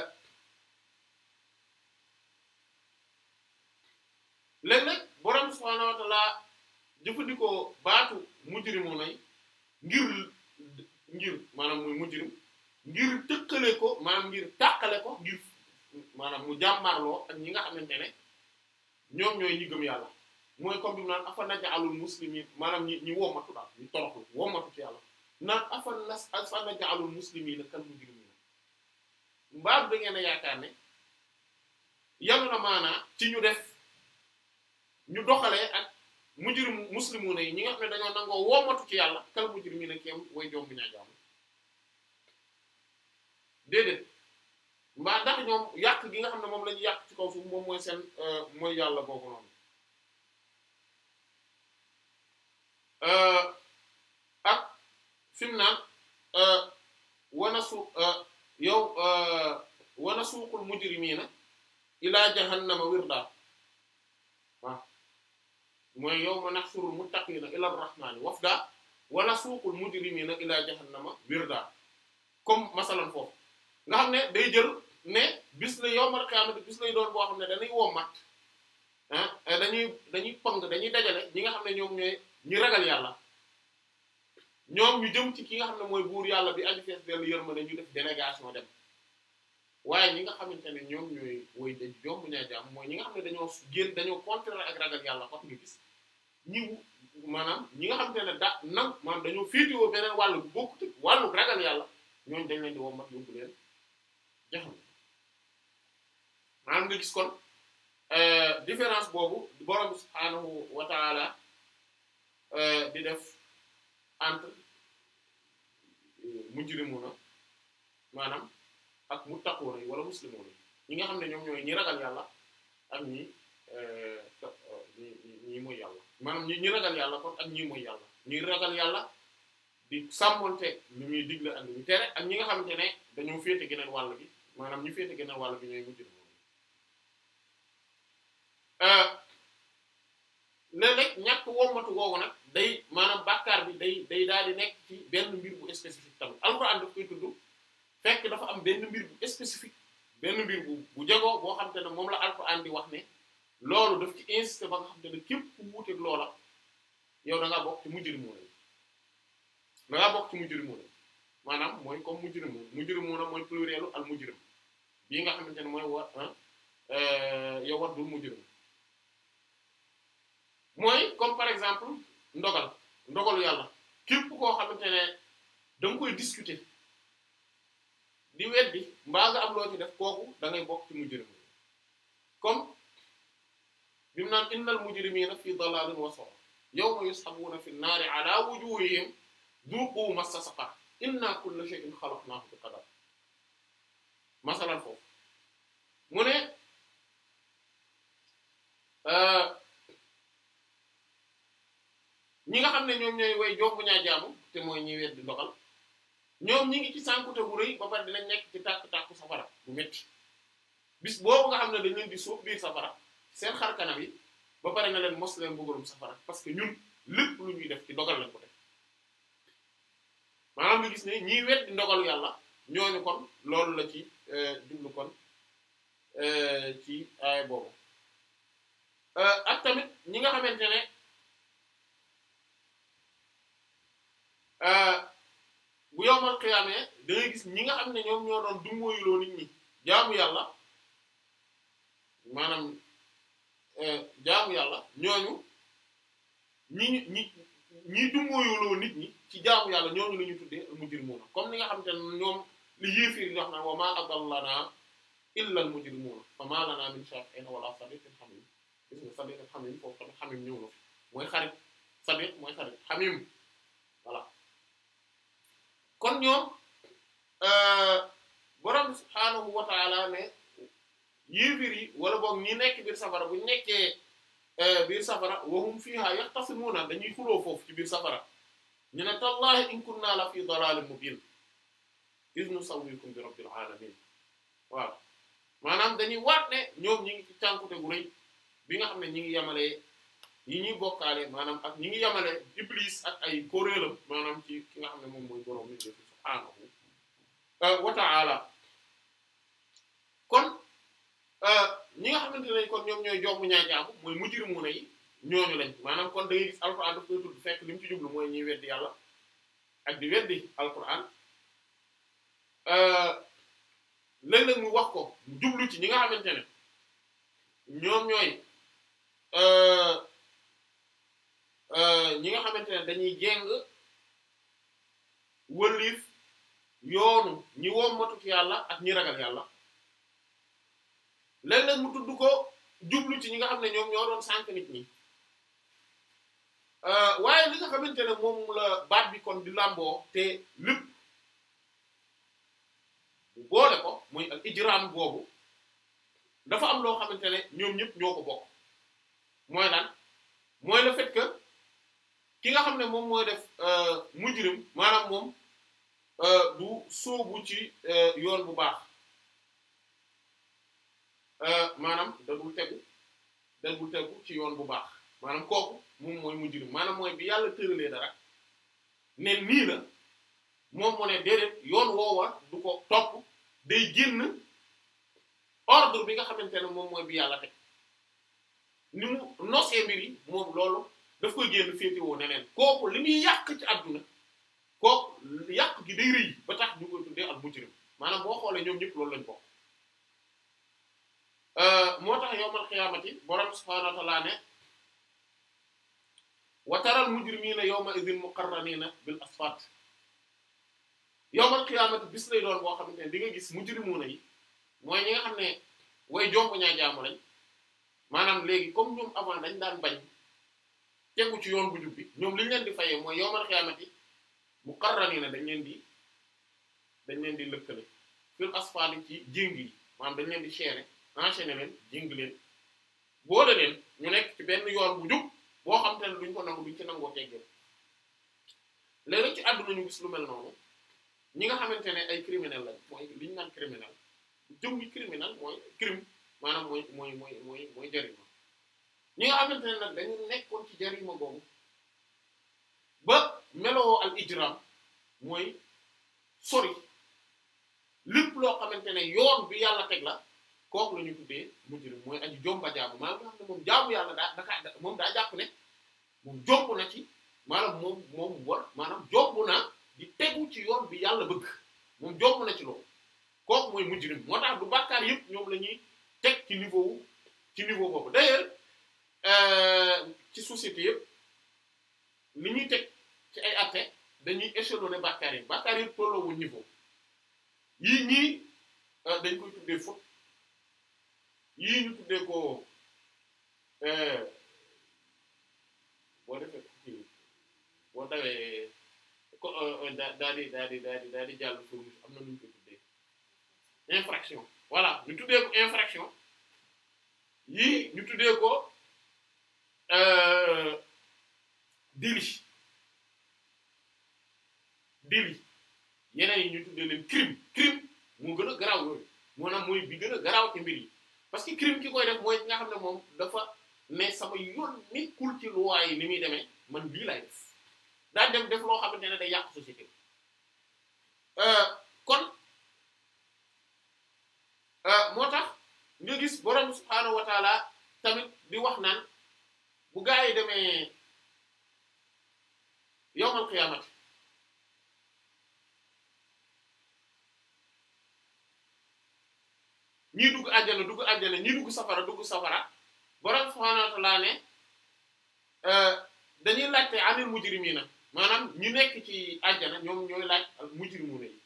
léeg-léeg borom subhaanahu wa ta'aala jëfandikoo baatu mujrimu nay ngir ngir maanaam muy mujrim ngir tëkkale ko maanaam ngir tàqale ko ngir. maanaam mu jàmmarloo ak ñi nga xamante ne ñoom ñooy ñi gëm yàlla mooy comme bi mu naan afa naj'alul muslimin maanaam ñi ñi wommatu daal ñu toroxlu wommatu ci yàlla naan afa nas afa naj'alul muslimina kal mujrimina mbaar a yaakaar ne yàlla na maanaa ci ñu def ñu doxalee ak mujrim muslimuna yi ñi nga xam ne dañoo nangoo wommatu ci yàlla kal mujrimina na way jom bi ñaa jàmm déedéet mbaa ndax ñoom yàq gi nga xam ne moom la ñu yàq ci kaw suuf moom mooy seen euh, mooy yàlla googu noonu euh, ak fi mu naan euh, wanasu yow wanasuuqul mujrimiina na ma wirda waaw mooy yawma nahshurul muttaqiina ilaa rahmaani wafda wanasuuqul mujrimiina ilaa jahannama wirda comme masalan foofu nga xam ne day jël. qiyamati bis lay doon boo xam ne dañuy wommat ah dañuy dañuy pang dañuy dajale ñi nga xam ne ñoom ñooy ñu ragal yàlla ñoom ñu jëm ki nga xam ne mooy buur yàlla bi aju fees dellu yërmande ñu def délégation dem waaye ñi nga xamante ne ñoom mooy ñi nga xam ne dañoo génn dañoo contraire ak ragal yàlla wax nga gis ñi maanaam ñi nga xam ne da nag maanaam dañoo féetewoo beneen wàll bu bokkut wàllu ragal yàlla ñooñ dañ leen di wommat yóbbu leen maanaam nga gis kon euh, différence boobu borom subhaanahu wa euh, di def entre mujrimuna maanaam ak yi wala muslimuna ñi nga xam ne ñoom ñooy ñi ragal yàlla ak euh, ñi ñi ñi mooy yàlla maanaam ñi ñi ragal yàlla kon ak ñi mooy yàlla ñi ragal yàlla di sàmmonte lu muy digle ak lu muy tere ak ñi nga xamante ne dañoo féete geneen wàll bi maanaam ñu féete geneen wàll bi ñooy mujrimuna léeg-léeg euh, ñàkk wommatu googu nag day maanaam bàkkaar bi day day daal di nekk ci benn mbir bu spécifique tamit alxuraan daf koy tudd fekk dafa am benn mbir bu spécifique benn mbir bu bu jagoo boo xam te ne moom la alxuraan di wax ne loolu daf ci insisté ba nga xam te ne képp ku loola yow da ngaa bokk ci mujrimuuna da maanaam bokk ci mujrimuuna maanaam mooy comme mujrimuuna mujrimuuna mooy plurielu al mujrim bii nga xamante ne mooy war ah, euh, yow war dul mujrim mooy comme par exemple ndogal ndogalu yàlla képp koo xamante ne da koy discuter di weddi mbaa nga am loo ci def kooku da ngay bokk ci mujrim comme bi mu naan innal mujrimina fi dalalin wa sa'ir yawma yushabuna fi an-nari ala wujuhihim duqu massa saqar inna kulla shay'in khalaqnahu bi qadar masalan foofu mu ne euh, ñi nga xam ne ñoom ñooy way jomb ñaa jaamu te mooy ñi weddi ndogal ñoom ñi ngi ci sànkute bu rëy ba pare dinañ nekk ci tàkk-tàkku safara bu métti bis boobu nga xam ne dañ leen di suuf biir safara seen xar kanam yi ba pare na leen mos leen bëggoon safara parce que ñun lépp lu ñuy def ci dogal lañ ko def maanaam ñu gis ne ñiy weddi ndogalu yàlla ñooñu kon loolu la ci euh, jublu kon euh, ci aay boobu euh, ak tamit ñi nga xamante ne. Euh, bu yowmal xiyaamee da gis ñi nga xam ne ñoom ñoo doon dummóoyuloo nit ñi jaamu yàlla maanaam euh, jaamu yàlla ñooñu ñi ñi ñi dummóoyuloo nit ñi ci jaamu yàlla ñoo la ñu tuddee mujrimuuna comme ni nga xam te ne ñoom li yéefiir di wax naan wa maa adallanaa illa al mujrimuuna fa maa lanaa min shaafi'iin wala sadiiqin hamiim gis nga sadiiqin hamiim foofu tamit hamiim ñëw mooy xarit sadiq mooy xarit hamiim voilà kon ñoom euh, borom bi subhaanahu ne yéefir yi wala boog ñi nekk biir safara bu nekkee euh, biir safara wahum fiha yaxtasimuuna dañuy xuloo foofu ci biir safara ñu ne tallahi in kunna la fi dalalin mubin iz nusawwikum bi rabbil alamin waaw maanaam dañuy waat ne ñoom ñi ngi ci gu rëy bi nga xam ne ñi ngi yamalee yi ñuy bokkaale maanaam ak ñi ngi yamale iblis ak ay koréelam maanaam ci ki nga xam ne moom mooy borom mi subhaanahu wa ta'ala kon euh, ñi nga xamante ne kon ñoom ñooy jox mu ñaa jaamu mooy mujrimuna yi ñooñu lañ maanaam kon da ngay gis alquran daf fekk li ci jublu mooy ñuy weddi yàlla ak di weddi alquran euh, léeg-léeg mu wax ko jublu ci ñi nga xamante ne ñoom ñooy euh, Euh, ñi nga xamante ne dañuy jéng wëlliif yoonu ñi wommatut yàlla ak ñi ragal yàlla léeg mu tudd ko jublu ci ñi nga xam ne ñoom ñoo doon sànq nit ñi euh, waaye li nga xamante moom la baat bi kon di làmboo te lépp boole ko muy ak ijraam boobu dafa am loo xamante ne ñoom ñëpp ñoo ko bokk mooy lan mooy le fait ki nga xam ne moom mooy def euh, mujrim maanaam moom du euh, sóobu ci euh, yoon bu baax maanaam dadul tegu dadul tegu ci yoon bu baax maanaam kooku moom mooy mujrim maanaam mooy bi yàlla tëralee dara ne nii la moom mu ne déedéet yoon woowa du ko topp day génn ordre bi nga xamante ne moom mooy bi yàlla teg ni mu nosee mbir yi moom loolu daf koy génn féetewoo neneen kooku li muy yàq ci àdduna kooku yàq gi day rëy ba tax ñu koy tuddee al mujrim maanaam boo xoolee ñoom ñëpp loolu lañ bokk euh, moo tax yawmal qiyaamati borom subhaanahu wa ta'aala ne wa taral mujrimiina yawma idhin muqarraniina bil asfaat yawmal qiyaamati bis lay doon boo xam ne di nga gis mujrimuuna yi mooy ñi nga xam ne way jomb ñaa jaamu lañ maanaam léegi comme ñoom avant dañ daan bañ. tegu ci yoon bu jub bi ñoom li leen di fayee mooy yowmal xiyaamati muqarraniina dañ leen di dañ leen di lëkkale fil asfaali ci jéng yi maanaam dañ leen di chaîner enchaîner leen jéng leen boole leen ñu nekk ci benn yoon bu jub boo xam te ne duñ ko nangu duñ ci nangoo teggeel léeg-léeg ci àdduna ñu gis lu mel noonu ñi nga xamante ne ay criminel lañ mooy li ñu naan criminel jëm criminel mooy crime maanaam mooy mooy mooy mooy mooy jariñ ñi nga xamante ne nag dañu nekkoon ci jariñu boobu ba meloo al ijram mooy sori lépp loo xamante ne yoon bi yàlla teg la kook la ñu tuddee mujrim mooy aji jomba jaamu maanaam moom yàlla daa moom daa jàpp ne moom jomb na ci maanaam moom moom war maanaam jomb na di tegu ci yoon bi yàlla bëgg moom jomb na ci loolu kooku mooy mujrim moo tax du bàkkaar yëpp ñoom la ñuy teg ci niveau ci niveau boobu d'ailleurs ci société yëpp li ñuy teg ci ay atte dañuy échelonner bàkkaar yi bàkkaar yi tolloowul niveau yii ñii euh, dañ koy tuddee faute yii ñu tuddee ko euh, boo defee ko daal euh, daal di daal di daal di jàll foofu am na nu ñu koy tuddee infraction voilà ñu tuddee ko infraction yii ñu tuddee ko Euh, délit délit yeneen yi ñu tuddee leen crime crime moo gën a garaaw yooyu maanaam mooy bi gën a garaaw ci mbir yi parce que crime ki koy def mooy nga xam ne moom dafa ne sama yoon nekkul ci loi yi ni muy demee man lii lay def daa dem def loo xamante ne day yàq société euh, kon euh, moo tax nga gis borom subhaanahu wa tamit di wax naan bu gaa yi demee yowmal qiyaamati ñii dugg àjjana dugg àjjana ñii dugg safara dugg safara borom subhaanahu wa ta'aala ne euh, dañuy laajte anil mujrimiina maanaam ñu nekk ci àjjana ñoom ñooy laaj al mujrimuuna yi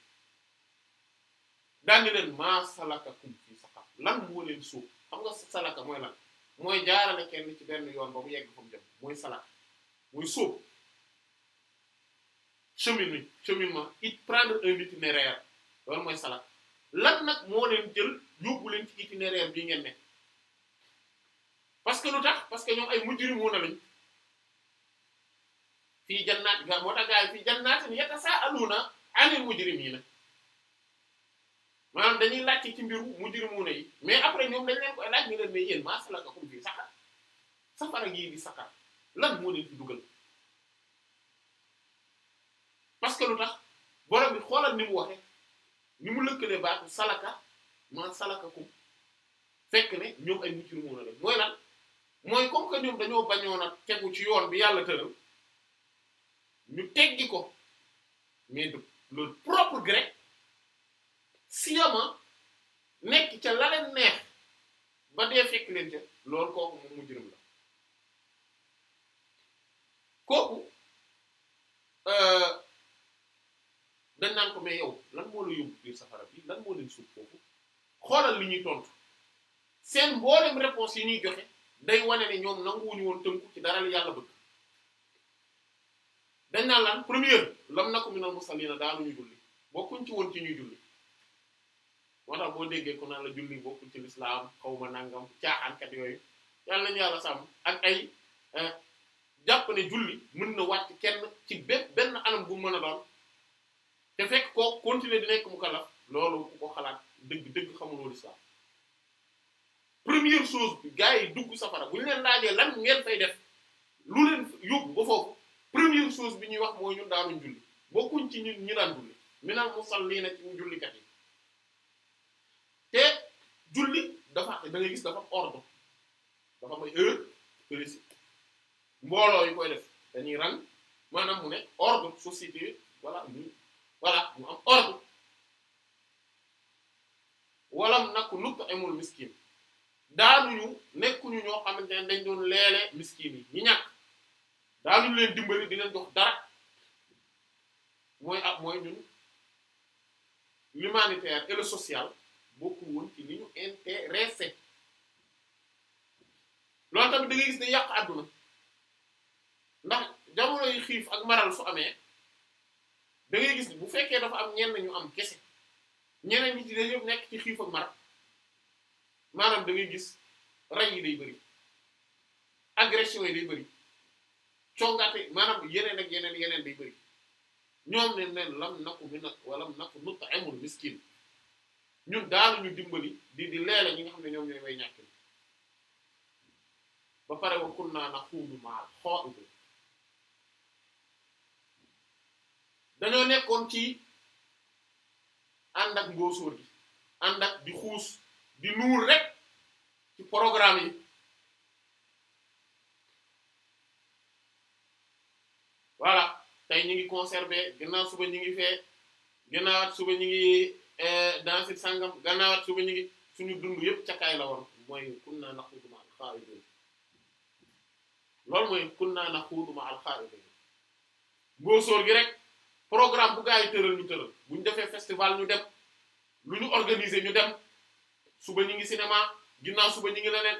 daal leen maa salakakum fii saqar lan moo leen suuf xam nga salaka mooy lan. mooy jaarale kenn ci benn yoon ba mu yegg fa mu jëm mooy salaat mooy sóob chemin bi cheminement it prendre un itinéraire loolu mooy salaat lan nag moo leen jël yóbbu leen ci itinéraire bii ngeen ne parce que lu tax parce que ñoom ay mujrimuuna lañ fii jannaat gaa moo tax gaa yi fii jannaatin yatasaaluuna anil mujrimiina maanaam dañuy laajte ci mbiru mu mujrimuuna yi mais après ñoom dañ leen koy laaj ñu leen mais yéen maa salakakum fii saqar safara ngi di saqar lan moo leen fi dugal parce que lu tax borom bi xoolal ni mu waxe ni mu baax baatu salaka maa salakakum fekk ne ñoom ay mujrimuuna la mooy lan mooy comme que ñoom dañoo bañoon a tegu ci yoon bi yàlla tëral ñu teggi ko mais de propre gré siyama ah nekk ca la leen neex ba dee fekk leen ca loolu kooku moom mujrim la kooku euh, dañ naan ko mais yow lan moo la yóbbu biir safara bi lan moo leen suuf foofu xoolal li ñuy tontu seen mboolem réponse yi ñuy joxe day wane ne ñoom nanguwuñu woon tënku ci dara li yàlla bëgg dañ naan lan première lam naku minal musallina daanuñu julli bokkuñ ci woon ci ñu julli moo boo déggee ku naan la julli bokkul ci lislaam xaw ma nangam caaxaankat yooyu yàlla nañu yàlla sàmm ak ay eh, jàpp ne julli mën na wàcc kenn ci benn alam bu mën a doon te fekk koo continuer di nekk mu kalaf loolu ku ko xalaat dëgg dëgg xamuloo lislaam première chose bi gars yi dugg safara bu ñu leen laajee lan ngeen fay def lu leen yóbbu ba foofu première chose bi ñuy wax mooy ñun daanuñ julli bokkuñ ci ñun ñu daan julli minal musallina ci ñu julli dafa da ngay gis dafa ordre dafa may heure précis mbooloo yu koy def dañuy rang maanaam mu ne ordre société voilà mu voilà mu am ordre walam nag nutt amul miskin daanuñu nekkuñu ñoo xamante ne dañ doon leele miskin yi ñi ñàkk daanuñu leen dimbali di leen jox dara mooy ab ah, mooy ñun l'humanitaire et social bokkul woon ci ni ñu intéressé loolu tamit da gis ne yàq àdduna ndax jamono yu xiif ak maral su amee da gis bu fekkee dafa am ñenn ñu am kese ñeneen ñi ci dañu yëpp nekk ci xiif ak maral maanaam da gis rey yi day bëri agression yi day bëri congaate maanaam yeneen ak yeneen yeneen day bëri ñoom ne neen lam naku mi nag walam naku nut'imul miskin daal daanuñu dimbali di di leele ñu ngi xam ne ñoom ñooy way ñàkk bi ba pare wa kunna naxuudu maal xaa'idiin dañoo nekkoon ci ànd ak gi ànd ak di xuus di nuur rek ci programme yi voilà tey ñu ngi conservé gannaaw suba ñu ngi fee gannaaw suba ñu ngi Eh, dans cette sangam gannaawaat suba ñu ngi suñu dund yëpp cakaay la woon mooy kunna na ma al-xaalidiin loolu mooy kunna naxuudu ma al-xaalidiin góosóor gi rek programme bu gaa yi tëral ñu tëral bu ñu defee festival ñu dem lu ñu organiser ñu dem suba ñu ngi cinéma ginnaaw suba ñu ngi leneen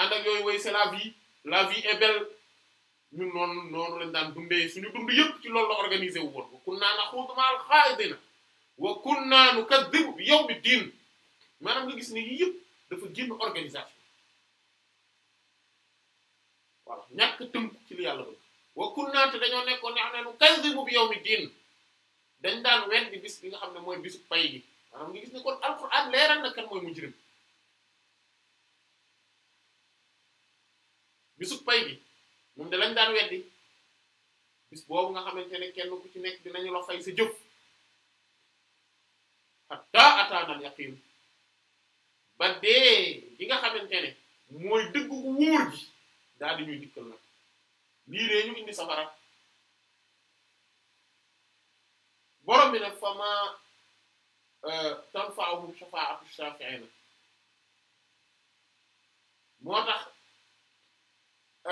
ànd ak yooyu way c'est la vie la vie est belle ñun noonu noonu lañ daan dundee suñu dund yëpp ci loolu la organiser wu woon kunna naxuudu ma al-xaalidiin wa kunna nukadhibu bi yawmi diin maanaam nga gis ne yii yëpp dafa génn organisation voilà ñàkk tënk ci li yàlla bëgg wa kunna te dañoo nekkoon ne xam ne nukadhibu bi yawmi diin dañ daan weddi bis bi nga xam ne mooy bisu pay gi maanaam nga gis na kan mooy mujrim pay gi moom de lañ daan weddi bis boobu nga xamante ne kenn ku ci nekk dinañu la fay sa jëf hatta ataana al yaqin ba dee gi nga xamante ne mooy dëgg gu wóor gi daal di ñuy dikkal nag lii ñu indi safara borom bi nag fama euh, tanfa'uhum shafa'atu shafi'in moo tax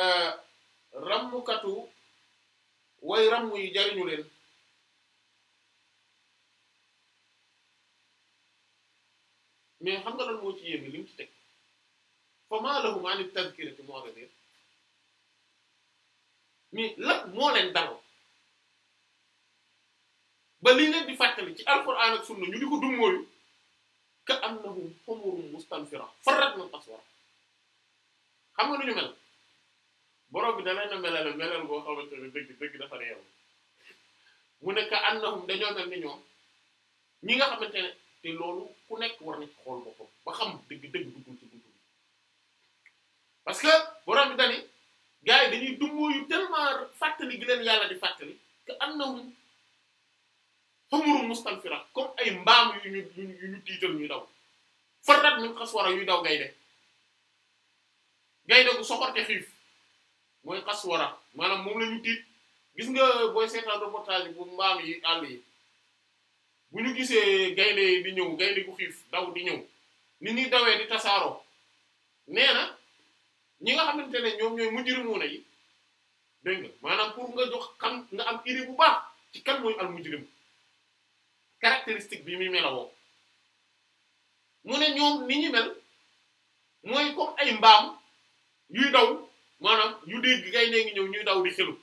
euh, rammukatu way ramm yi jariñu leen mais xam nga lan moo ci yéeme li mu ci teg fa maa lahum ani tadhkirati mu'ridin mais lan moo leen dal ba li leen di fàttali ci alquran ak sunna ñu di ko dummóoyu ka annahum humurun mustanfira farrat min qaswara xam nga nu ñu mel borom bi na leen a melal melal boo xamante ne dëgg dëgg dafa mu ne ka annahum dañoo mel ni ñoom ñi nga xamante te loolu ku nekk war na ci xool ba xam dëgg dëgg duggul ci parce que borom bi dani gars dañuy dumboo yu tellement fàttali gi leen yàlla di fàttali que annahum humurun mustanfira comme ay mbaam yu ñu ñu tiital ñuy daw fardat min qaswara yuy daw gaynde gaynde gu soxorte xiif mooy qaswara maanaam moom lañu tiit gis nga booy seetaan reportage bu mbaam yi àll yi bu ñu gisee gaynde yi di ñëw gaynde gu xiif daw di ñëw ni ñuy dawee ni tasaaroo nee ñi nga xamante ne ñoom ñooy mujrimuuna yi dégg nga maanaam pour nga jox xam nga am idée bu baax ci kan mooy al mujrim caractéristique bi muy melawoo mu ne ñoom ni ñu mel mooy ko ay mbaam yuy daw maanaam yu dégg gaynde ngi ñëw ñuy daw di xelu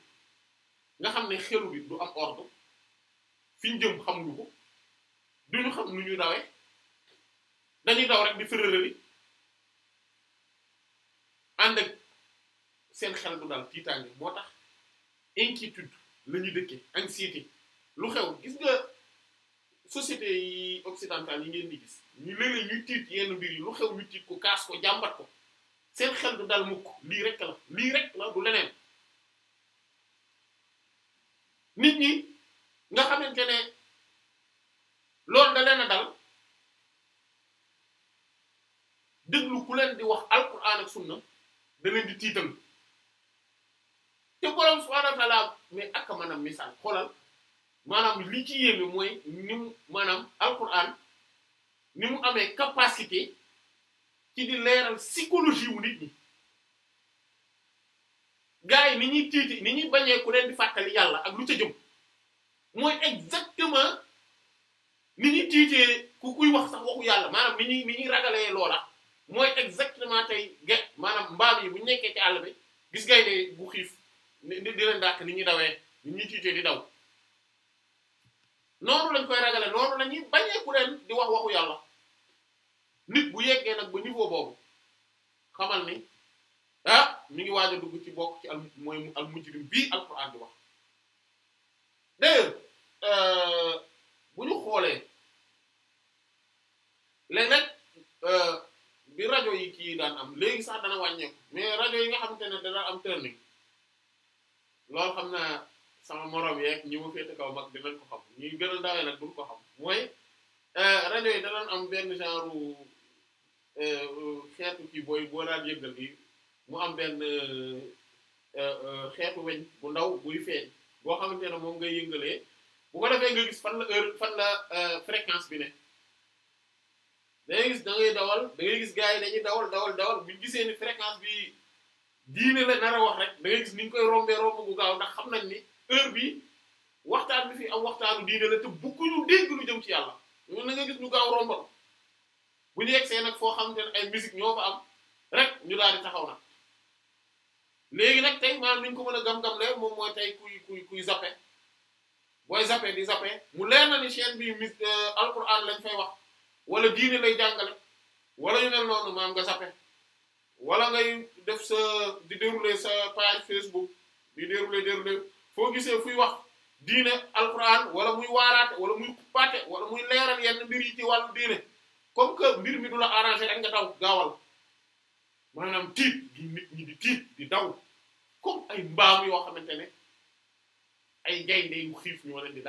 nga xam ne xelu bi du am ordre fi ñu jëm xamuñu duñu xam nu ñuy dawee dañuy daw rek di fërërëri ànd ak seen xel du dal tiitaange moo tax inquiétude la ñu dëkke anxiété lu xew gis nga société yi occidentale yi ngeen di gis ñu léeg-léeg tiit yenn mbir yi lu xew ñu tiit ko kaas ko jàmbat ko seen xel du dal mukk lii rek la du leneen nit ñi nga xamante ne loolu da leen a dal déglu ku leen di wax alquran ak sunna da leen di tiital te borom subhaanahu wa ta'aala mais ak maanaam misaal xoolal maanaam li ci yéeme mooy ni mu maanaam alquran ni mu amee capacité ci di leeral psychologie wu nit ñi gars yi ni ñuy tiiti ni ñuy bañee ku leen di fàttali yàlla ak lu ci jëm mooy exactement. ni ñuy tiitee ku kuy wax sax waxu yàlla maanaam ni ñuy ni ñuy ragalee loola mooy exactlement tey ge maanaam mbaam yi bu ñu nekkee ci àll bi gis ngay ne bu xiif di leen dàq ni ñuy dawee ni ñuy tiitee di daw noonu lañ koy ragale noonu la ñuy bañee ku leen di wax waxu yàlla nit bu yeggee nag ba niveau boobu xamal ni ah mi ngi waaj dugg ci bokk ci al mooy al mujrim bii alquran di wax d'ailleurs euh, bu ñu xoolee léeg-léeg euh, bi rajo yi kii daan am léegi sax dana wàññeeku mais rajo yi nga xamante ne dana am training loolu xam naa sama morom yeeg ñi ma féete kaw mag dinañ ko xam ñi gën a ndawee nag duñ ko xam mooy euh, rajo yi danañ am benn genre euh, xeetu ki booy boo daan yëngal bi mu am benn xeetu weñ bu ndaw buy feeñ boo xamante ne moom ngay yëngale bu ko defee nga gis fan la heure fréquence bi ne da ngay gis da dawal da ngay gis gars yi dawal dawal dawal buñ gisee ni fréquence bi diine la nar wax rek da gis ni koy rombee romb gu gaaw ndax xam nañ ni heure bi waxtaan bi fi am waxtaanu diine la te bukkuñu dégg lu jëm ci yàlla na nga gis ñu gaaw rombal bu ñu nag foo xamante ne ay musique ñoo fa am rek ñu laa di taxaw nag léegi nag tey maanaam niñ ko mën a gam-gam le moom moo tey kuy kuy kuy zappe booy zappe di zappe mu leer na ni chaîne bi mis euh, alquran lañ fay wax wala diine lay jàngale wala yu mel noonu maam nga sappe wala ngay def sa di dérouler sa page Facebook di dérouler dérouler foo gisee fuy wax diine alquran wala muy waaraate wala muy kuppaate wala muy leeral yenn mbir yi ci wàllu diine comme que mbir mi du la arrangé rek nga daw gaawal maanaam tiit gi di tiit di daw comme ay mbaam yoo xamante ne ay gaynde yu xiif ñoo leen di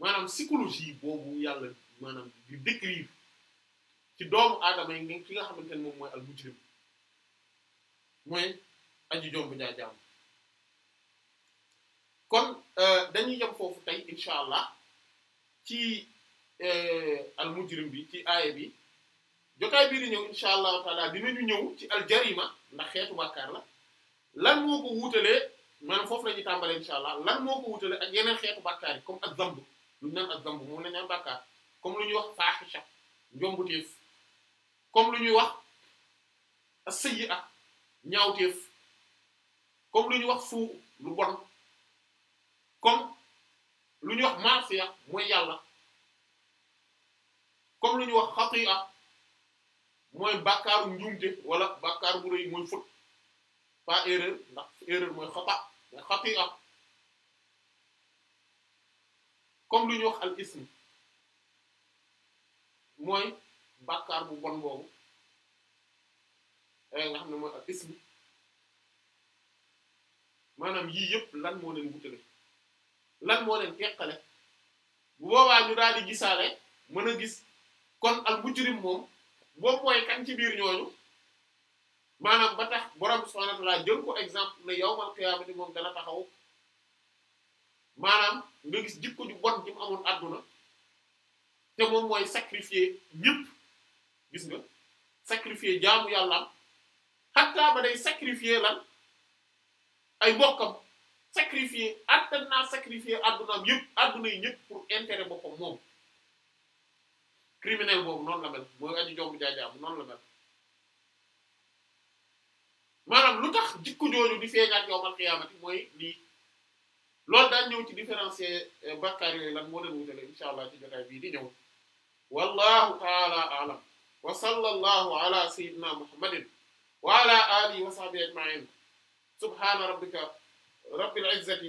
maanaam psychologie boobu yàlla maanaam di décrire ci doomu aadama yi ki nga xamante ne moom mooy al mujrim mooy aji jomb jaajaam kon euh, dañuy yem foofu tey incha allah ci euh, al mujrim bi ci aaya bi jotaay bii di ñëw incha allahu taala dinañu ñëw ci al jarima ndax xeetu bàkkaar la lan moo ko wuutalee maanaam foofu la ñuy tàmbalee incha allah lan moo ko wuutalee ak yeneen xeetu bàkkaar yi comme ak zamb lu ñu naan ak zamb mun nañu am bàkkaar comme lu ñuy wax faaxisha njombuteef comme lu ñuy wax as-sayyi'a ñaawteef comme lu ñuy wax fuu lu bon comme lu ñuy wax ma'siya mooy yàlla comme lu ñuy wax xati'a mooy bàkkaaru njuumte wala bàkkaar bu rëy mooy fut pas erreur ndax erreur mooy xata mais xati'a comme lu ñuy wax al ism mooy bàkkaar bu bon boobu eh, nga xam ne mooy al maanaam yii yëpp lan moo leen wutale lan moo leen teqale bu boobaa ñu daal di gisaale mën a gis kon al mujrim moom boobu mooy kan ci biir ñooñu maanaam ba tax borom subhanahu wa jël ko exemple ne yawmal qiyaamati moom dana taxaw maanaam nga gis jikko ju bon ji amoon adduna te moom mooy sacrifier ñëpp gis nga sacrifier jaamu yàllaam xattaa ba day sacrifier lan ay mbokkam sacrifier attan naa sacrifier addunaam yëpp adduna yi ñëpp pour intérêt boppam moom criminel boobu noonu la mel mooy aji jomb jaajaamu noonu la mel maanaam lu tax jikko jooju di feeñaat yowmal xiyaamati mooy lii loolu daañ ñëw ci différencier euh, bàkkaar yooyu lan moo leen wutale insha allah ci jotaay bii di ñëw wallahu taala aalam wa sallallahu ala sayyidina muhammadin wa ala alihi wa sahbihi ajma'in subhana rabbika rabbil izzati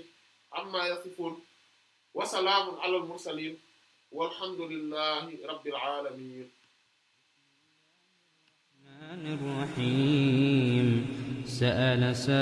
amma yasifun wa salaamun ala al mursalin walhamdulillahi rabbil alamin rahim sa'ala sa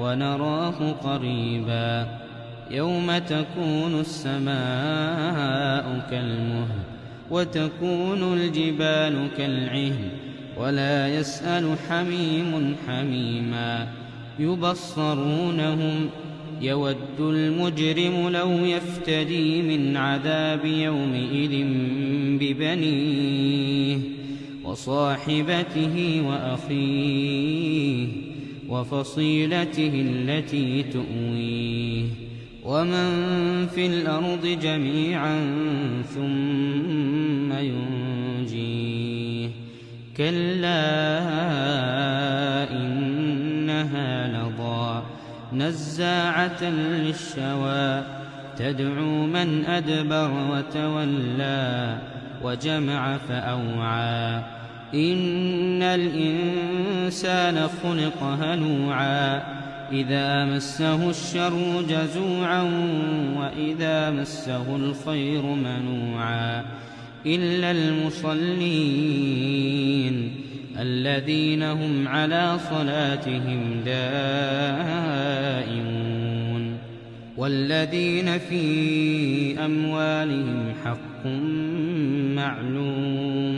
ونراه قريبا يوم تكون السماء كالمهل وتكون الجبال كالعهن ولا يسأل حميم حميما يبصرونهم يود المجرم لو يفتدي من عذاب يومئذ ببنيه وصاحبته وأخيه وفصيلته التي تؤويه ومن في الأرض جميعا ثم ينجيه كلا إنها لضا نزاعة للشوى تدعو من أدبر وتولى وجمع فأوعى إن الإنسان خلق هلوعا إذا مسه الشر جزوعا وإذا مسه الخير منوعا إلا المصلين الذين هم على صلاتهم دائمون والذين في أموالهم حق معلوم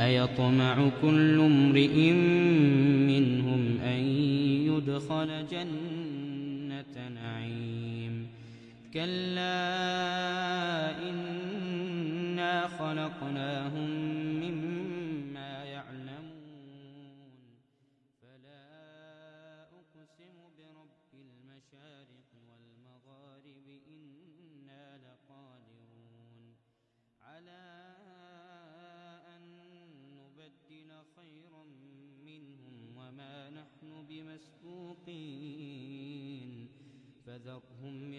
أيطمع كل امرئ منهم أن يدخل جنة نعيم كلا إنا خلقناهم من